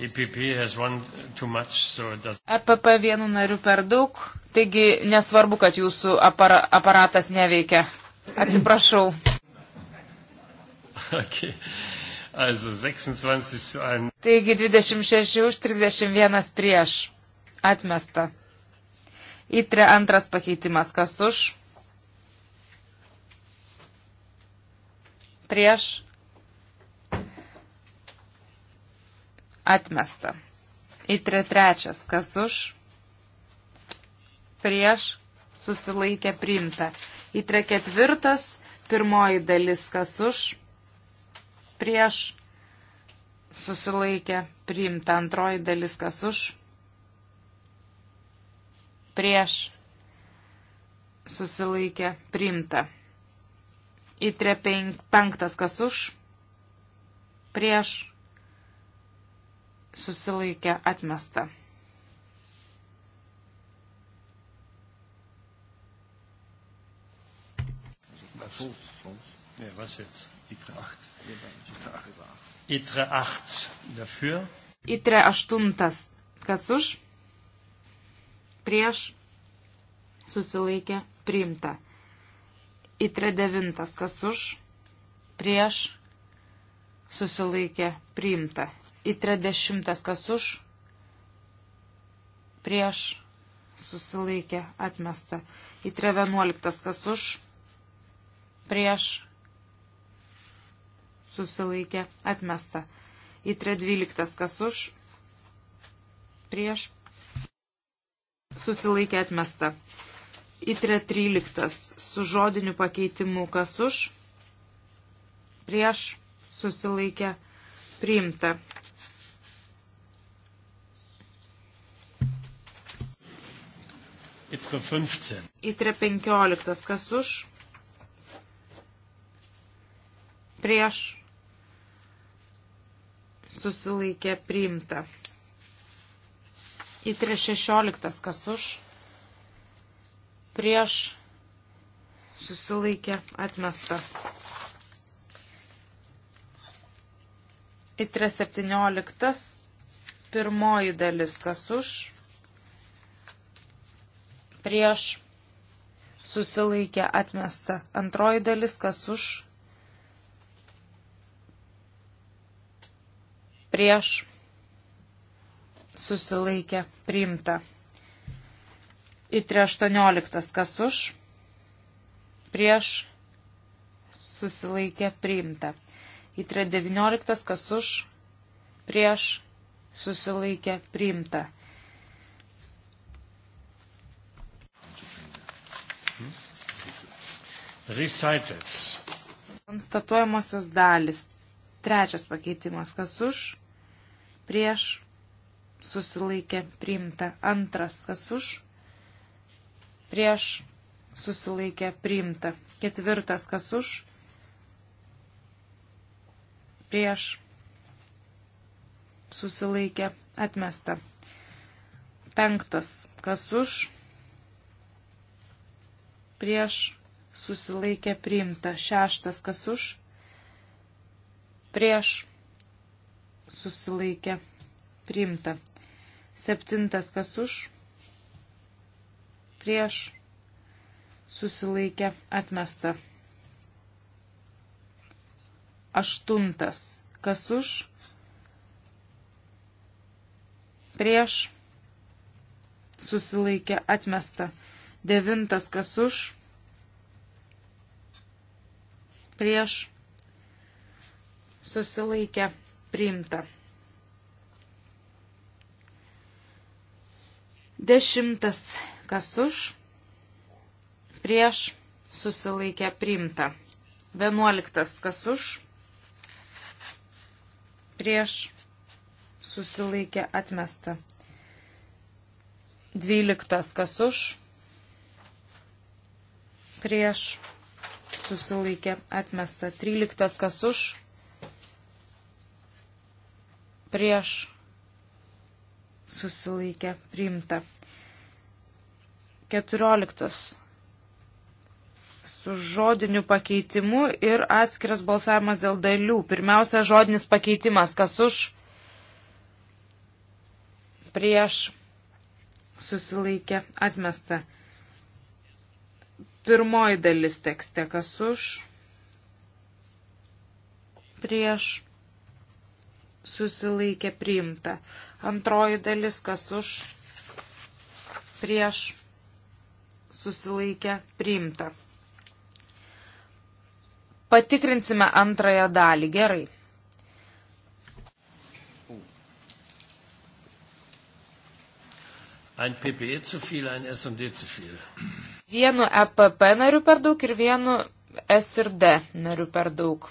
EPP e vienu nariu per daug, taigi nesvarbu, kad jūsų apara, aparatas neveikia. Atsiprašau. Okay. Also 26 1. Taigi 26 už 31 prieš. Atmesta. Įtre antras pakeitimas. Kas už? Prieš. Atmesta. Į tre trečias, kas už, prieš, susilaikė priimta. Į tre ketvirtas, pirmoji dalis, kas už, prieš, susilaikė priimta. Antroji dalis, kas už, prieš, susilaikė priimta. Į tre penktas, kas už, prieš, susilaikė atmesta. Itre 8. Itre 8. Kas už? Prieš susilaikė priimta. Itre 9. Kas už? Prieš susilaikė priimta į 30 kas už, prieš susilaikė atmesta, į 311 kas už, prieš susilaikė atmesta, į 312 kas už, prieš susilaikė atmesta, į 313 su žodiniu pakeitimu kas už, prieš susilaikė priimta. Itre 15. Itre 15. Kas už? Prieš. Susilaikė priimta. Itre 16. Kas už? Prieš. Susilaikė atmesta. Itre 17. Pirmoji dalis. Kas už? prieš susilaikė atmesta. Antroji dalis, kas už, prieš susilaikė priimta. Į 318, kas už, prieš susilaikė priimta. Į 319, kas už, prieš susilaikė priimta. Recitals. Konstatuojamosios dalis. Trečias pakeitimas. Kas už? Prieš. Susilaikė. Priimta. Antras. Kas už? Prieš. Susilaikė. Priimta. Ketvirtas. Kas už? Prieš. Susilaikė. Atmesta. Penktas. Kas už? Prieš susilaikė priimta. Šeštas kas už, prieš susilaikė priimta. Septintas kas už, prieš susilaikė atmesta. Aštuntas kas už, prieš susilaikė atmesta. Devintas kas už, prieš susilaikę priimta. Dešimtas kas už prieš susilaikę priimta. Vienuoliktas kas už prieš susilaikę atmesta. Dvyliktas kas už prieš susilaikė atmesta. 13 kas už, prieš susilaikė priimta. 14 su žodiniu pakeitimu ir atskiras balsavimas dėl dalių. Pirmiausia, žodinis pakeitimas, kas už, prieš susilaikė atmesta. Pirmoji dalis tekste, kas už, prieš, susilaikė priimta. Antroji dalis, kas už, prieš, susilaikė priimta. Patikrinsime antrąją dalį. Gerai. Ein PPE zu viel, ein SD zu viel vienu EPP nariu per daug ir vienu S ir D nariu per daug.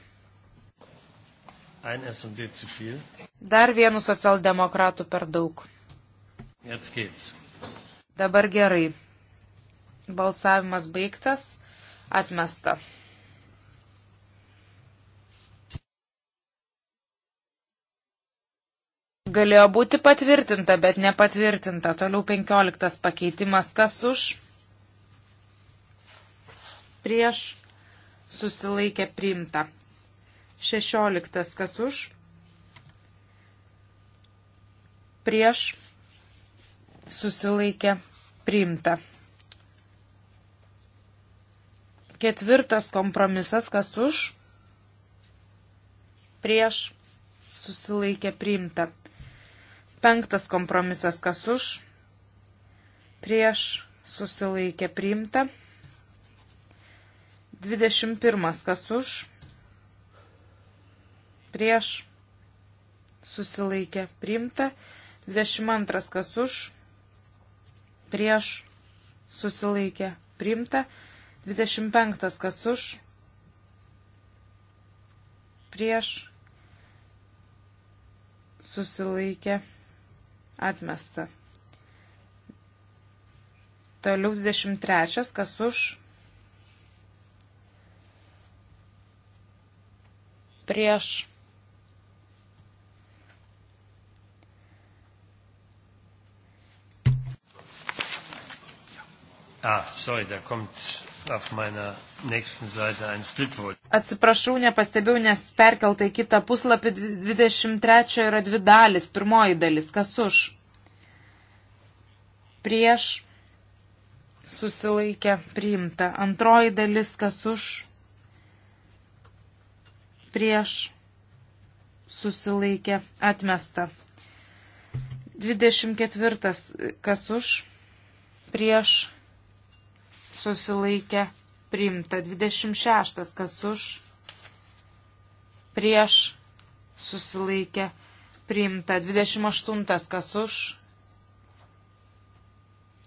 Dar vienu socialdemokratų per daug. Dabar gerai. Balsavimas baigtas. Atmesta. Galėjo būti patvirtinta, bet nepatvirtinta. Toliau 15 pakeitimas. Kas už? prieš, susilaikė priimta. 16 kas už, prieš, susilaikė priimta. Ketvirtas kompromisas kas už, prieš, susilaikė priimta. Penktas kompromisas kas už, prieš, susilaikė priimta. 21. Kas už? Prieš. Susilaikė. Priimta. 22. Kas už? Prieš. Susilaikė. Priimta. 25. Kas už? Prieš. Susilaikė. Atmesta. Toliau 23. Kas už? prieš. Ah, sorry, da kommt auf meiner nächsten Seite ein Splitvote. Atsiprašau, nepastebėjau, nes perkelta į kitą puslapį 23 yra dvi dalis. Pirmoji dalis, kas už? Prieš susilaikė priimta. Antroji dalis, kas už? prieš susilaikė atmesta. 24. Kas už prieš susilaikė priimta. 26. Kas už prieš susilaikė priimta. 28. Kas už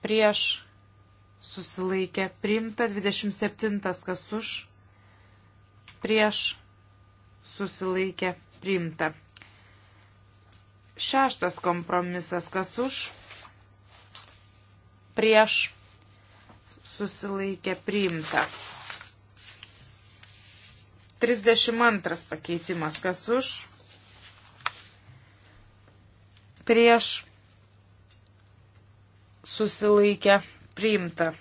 prieš susilaikė priimta. 27. Kas už prieš susilaikė priimta. Šeštas kompromisas, kas už, prieš, susilaikė priimta. 32 pakeitimas, kas už, prieš, susilaikė priimta.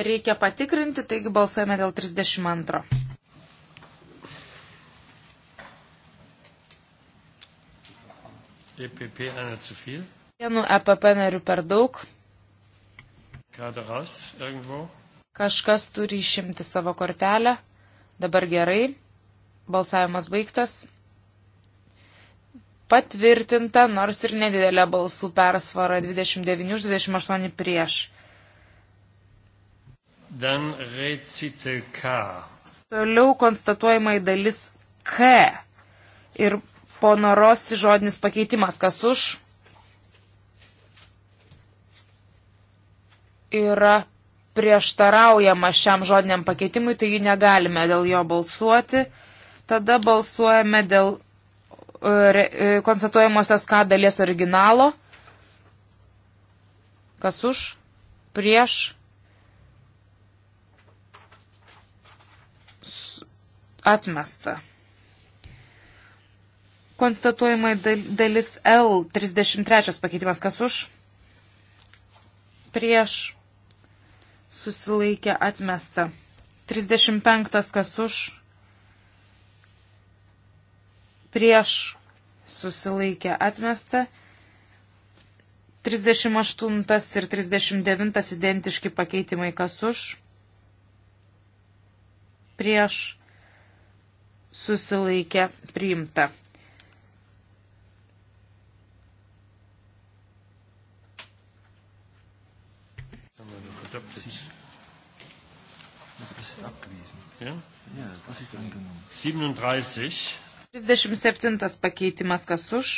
reikia patikrinti, taigi balsuojame dėl 32. EPP einer zu viel. Vienu EPP nariu per daug. Kažkas turi išimti savo kortelę. Dabar gerai. Balsavimas baigtas. Patvirtinta, nors ir nedidelė balsų persvara 29 už 28 prieš. Toliau konstatuojama į dalis K. Ir ponoros žodinis pakeitimas, kas už yra prieštaraujama šiam žodiniam pakeitimui, taigi negalime dėl jo balsuoti. Tada balsuojame dėl e, e, konstatuojamosios K dalies originalo. Kas už? Prieš Atmesta. Konstatuojama dalis L, 33 pakeitimas, kas už? Prieš susilaikė atmesta. 35 kas už? Prieš susilaikė atmesta. 38 ir 39 identiški pakeitimai kas už? Prieš susilaikė priimta. Ja? Ja, 37. 37 pakeitimas kas už.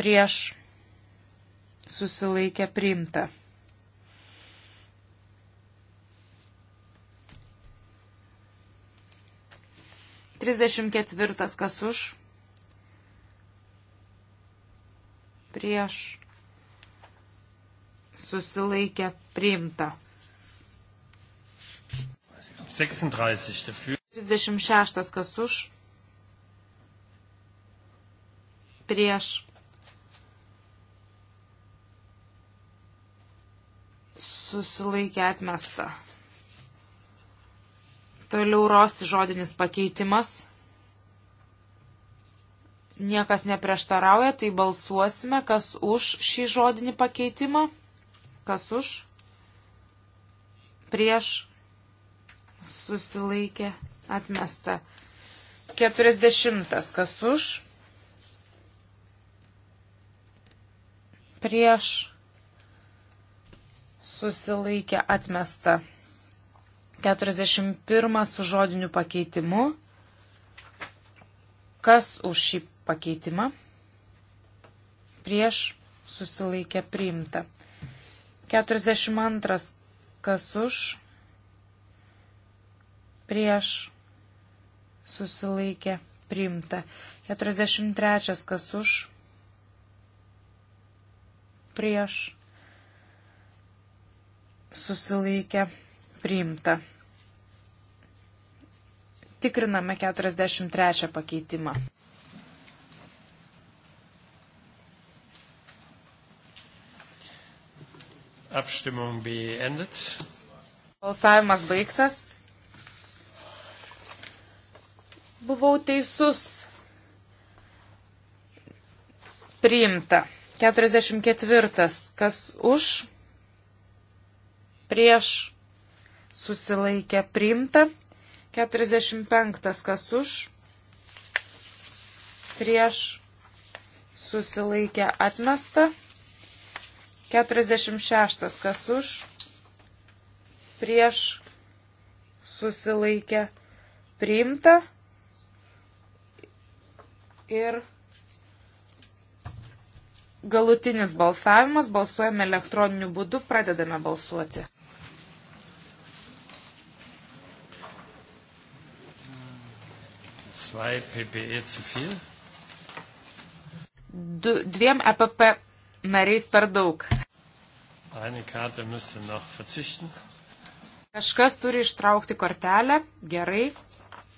Prieš susilaikė priimta. 34 kas už, prieš, susilaikė priimta. 36 dafür. 36 kas už, prieš, susilaikė atmesta. Toliau ros žodinis pakeitimas. Niekas neprieštarauja, tai balsuosime, kas už šį žodinį pakeitimą, kas už, prieš, susilaikė, atmesta. 40. Kas už, prieš, susilaikė, atmesta. 41 su žodiniu pakeitimu. Kas už šį pakeitimą? Prieš susilaikė priimta. 42 kas už? Prieš susilaikė priimta. 43 kas už? Prieš susilaikė priimta Priimta. Tikriname 43 pakeitimą. Abstimmung beendet. Balsavimas baigtas. Buvau teisus. Priimta. 44. Kas už? Prieš susilaikė priimta. 45 kas už, prieš susilaikė atmesta. 46 kas už, prieš susilaikė priimta. Ir galutinis balsavimas, balsuojame elektroniniu būdu, pradedame balsuoti. Zwei PPE zu viel. Du, dviem EPP nariais per daug. Eine Karte müsste noch verzichten. Kažkas turi ištraukti kortelę. Gerai.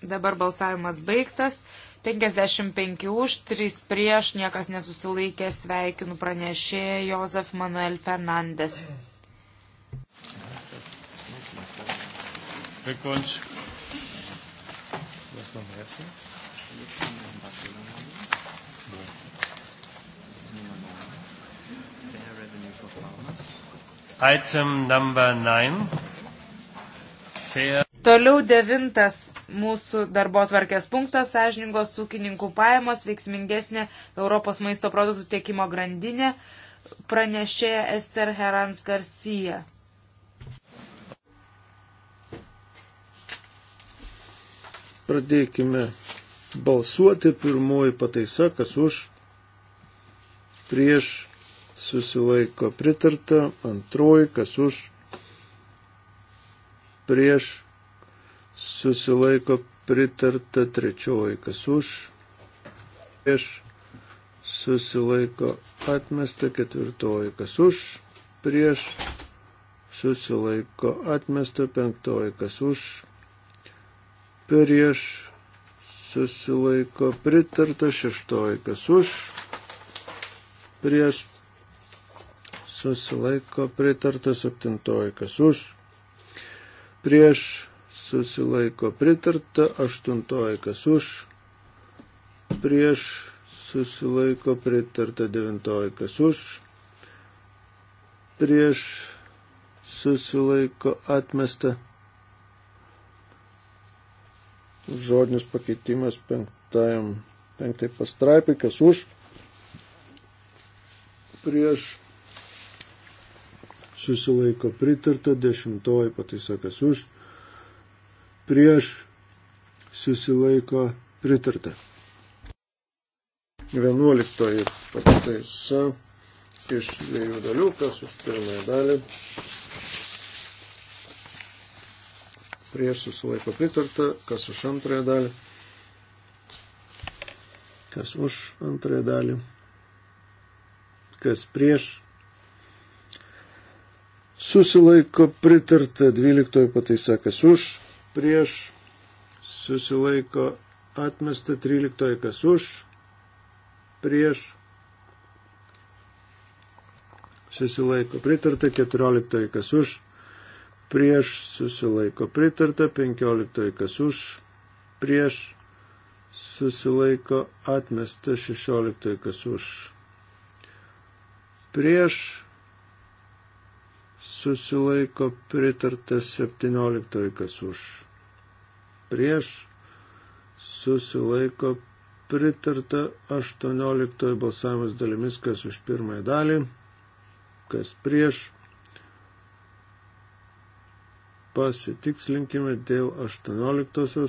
Dabar balsavimas baigtas. 55 už, 3 prieš, niekas nesusilaikė. Sveikinu pranešėją Jozef Manuel Fernandes. Glückwunsch. Muchas gracias. Item number 9. Fair. Toliau devintas mūsų darbo tvarkės punktas - sąžiningos ūkininkų pajamos, veiksmingesnė Europos maisto produktų tiekimo grandinė, pranešėja Ester Herans Garcia. Pradėkime balsuoti. Pirmoji pataisa, kas už, prieš, susilaiko pritarta. Antroji, kas už, prieš, susilaiko pritarta. Trečioji, kas už, prieš, susilaiko atmesta. Ketvirtoji, kas už, prieš, susilaiko atmesta. Penktoji, kas už, prieš susilaiko pritarta, šeštoji kas už, prieš susilaiko pritarta, septintoji kas už, prieš susilaiko pritarta, aštuntoji kas už, prieš susilaiko pritarta, devintoji kas už, prieš susilaiko atmesta žodinis pakeitimas penktajam, penktai pastraipai, kas už, prieš susilaiko pritarta, dešimtoji pataisa, kas už, prieš susilaiko pritarta. Vienuoliktoji pataisa iš dviejų dalių, kas už pirmąją dalį prieš susilaiko pritarta, kas už antrąją dalį, kas už antrąją dalį, kas prieš susilaiko pritarta, dvyliktoji pataisa, kas už, prieš susilaiko atmesta, tryliktoji kas už, prieš susilaiko pritarta, keturioliktoji kas už prieš susilaiko pritarta, 15 kas už, prieš susilaiko atmesta, 16 kas už, prieš susilaiko pritarta, 17 kas už, prieš susilaiko pritarta, 18 balsavimas dalimis kas už pirmąją dalį, kas prieš pasitikslinkime dėl 18.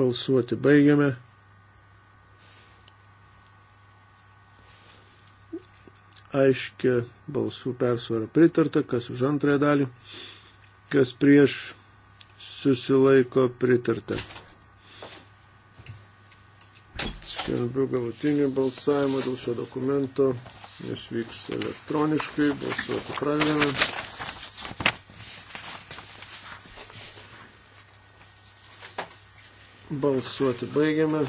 Balsuoti baigiame. Aiškia balsų persvara pritarta, kas už antrąją dalį, kas prieš susilaiko pritarta. Čia labiau galutinį balsavimą dėl šio dokumento, jis vyks elektroniškai, balsuoti pradedame. Balsuoti baigiame.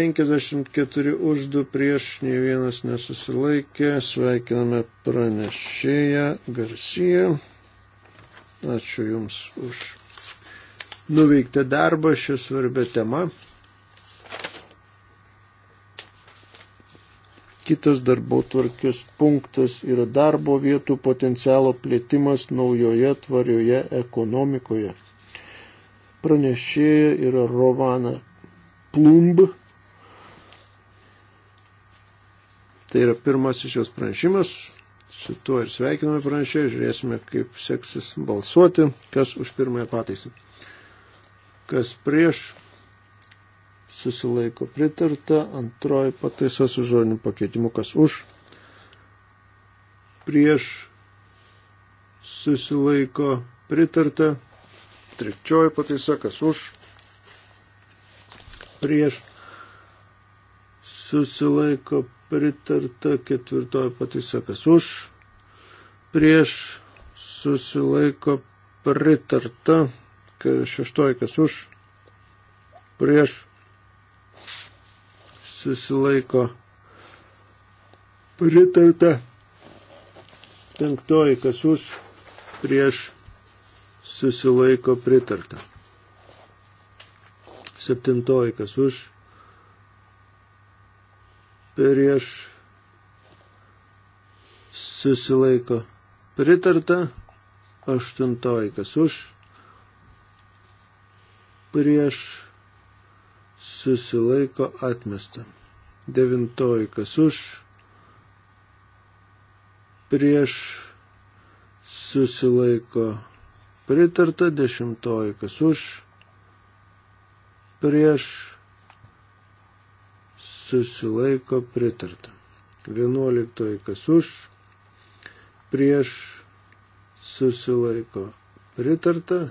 54 už 2 prieš, nei vienas nesusilaikė. Sveikiname pranešėją Garsiją. Ačiū Jums už nuveiktą darbą šią svarbę temą. Kitas darbo tvarkės punktas yra darbo vietų potencialo plėtimas naujoje tvarioje ekonomikoje. Pranešėja yra Rovana Plumb. Tai yra pirmasis jos pranešimas. Su tuo ir sveikiname pranešėją. Žiūrėsime, kaip seksis balsuoti, kas už pirmąją pataisą kas prieš susilaiko pritarta, antroji pataisa su žodiniu pakeitimu, kas už, prieš susilaiko pritarta, trečioji pataisa, kas už, prieš susilaiko pritarta, ketvirtoji pataisa, kas už, prieš susilaiko pritarta. 106, kas už, prieš, susilaiko, pritarta, penktoji, kas už, prieš, susilaiko, pritarta, septintoji, kas už, prieš, susilaiko, pritarta, aštuntoji, kas už, prieš susilaiko atmesta. Devintoji, kas už, prieš susilaiko pritarta. Dešimtoji, kas už, prieš susilaiko pritarta. Vienuoliktoji, kas už, prieš susilaiko pritarta.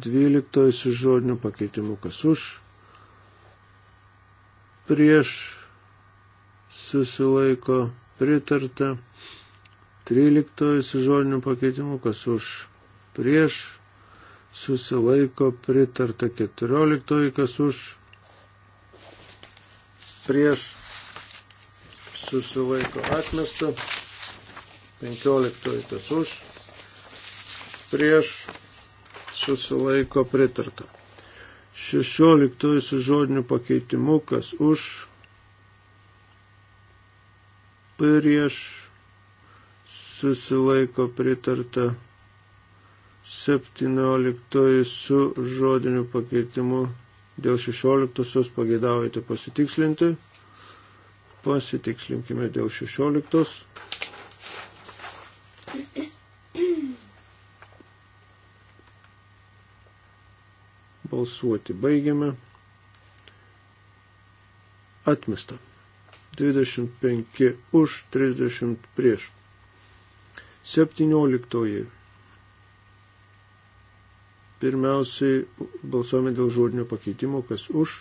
12 su žodiniu pakeitimu, kas už, prieš, susilaiko, pritarta, 13 su žodiniu pakeitimu, kas už, prieš, susilaiko, pritarta, 14 kas už, prieš, susilaiko, atmesta, 15 kas už, prieš, susilaiko pritarta. 16 su žodiniu pakeitimu, kas už, prieš, susilaiko pritarta. 17 su žodiniu pakeitimu, dėl 16 pagėdavote pasitikslinti. Pasitikslinkime dėl 16. balsuoti baigiame. Atmesta. 25 už 30 prieš. 17. Pirmiausiai balsuojame dėl žodinio pakeitimo, kas už,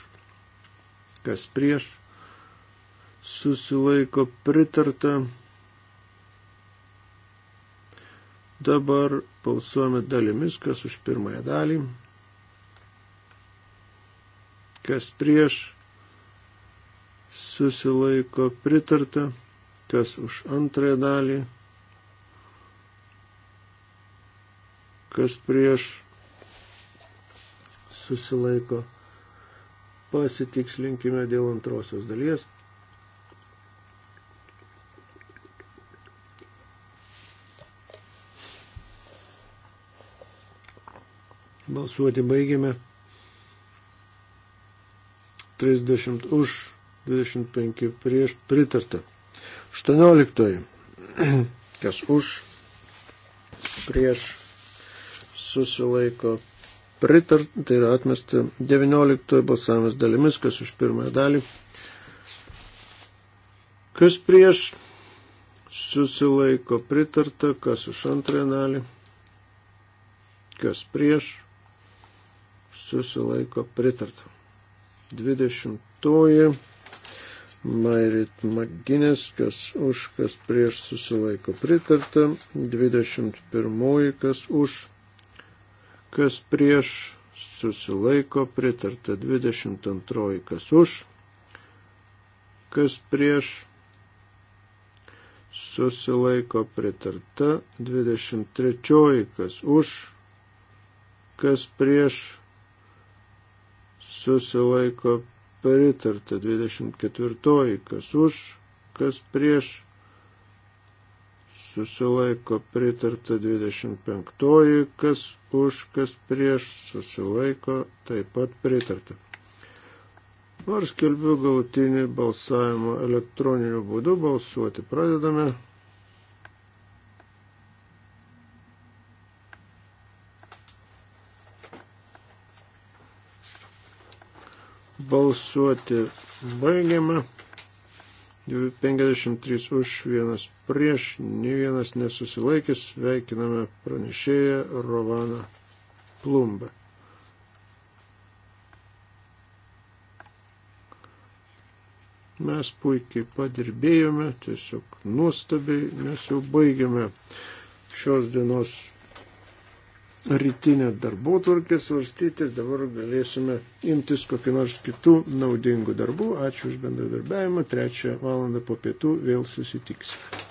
kas prieš. Susilaiko pritarta. Dabar balsuojame dalimis, kas už pirmąją dalį, kas prieš susilaiko pritarta, kas už antrąją dalį, kas prieš susilaiko. Pasitikslinkime dėl antrosios dalies. Balsuoti baigiame. 30 už, 25 prieš pritarta. 18. Kas už, prieš susilaiko pritart, tai yra atmesti 19 balsavimas dalimis, kas už pirmąją dalį. Kas prieš susilaiko pritarta, kas už antrąją dalį, kas prieš susilaiko pritarta. 20. Mairit Maginės, kas už, kas prieš susilaiko pritarta. 21. Kas už, kas prieš susilaiko pritarta. 22. Kas už, kas prieš susilaiko pritarta. 23. Kas už, kas prieš susilaiko pritarta. 24. Kas už, kas prieš susilaiko pritarta 25, kas už, kas prieš susilaiko taip pat pritarta. Nors kelbiu galutinį balsavimą elektroniniu būdu balsuoti pradedame. Balsuoti baigiama. 53 už, vienas prieš, nei vienas nesusilaikęs. Sveikiname pranešėją Rovaną Plumbą. Mes puikiai padirbėjome, tiesiog nuostabiai, mes jau baigiame šios dienos rytinę darbų tvarkę svarstyti ir dabar galėsime imtis kokiu nors kitų naudingų darbų. Ačiū už bendradarbiavimą. Trečią valandą po pietų vėl susitiksime.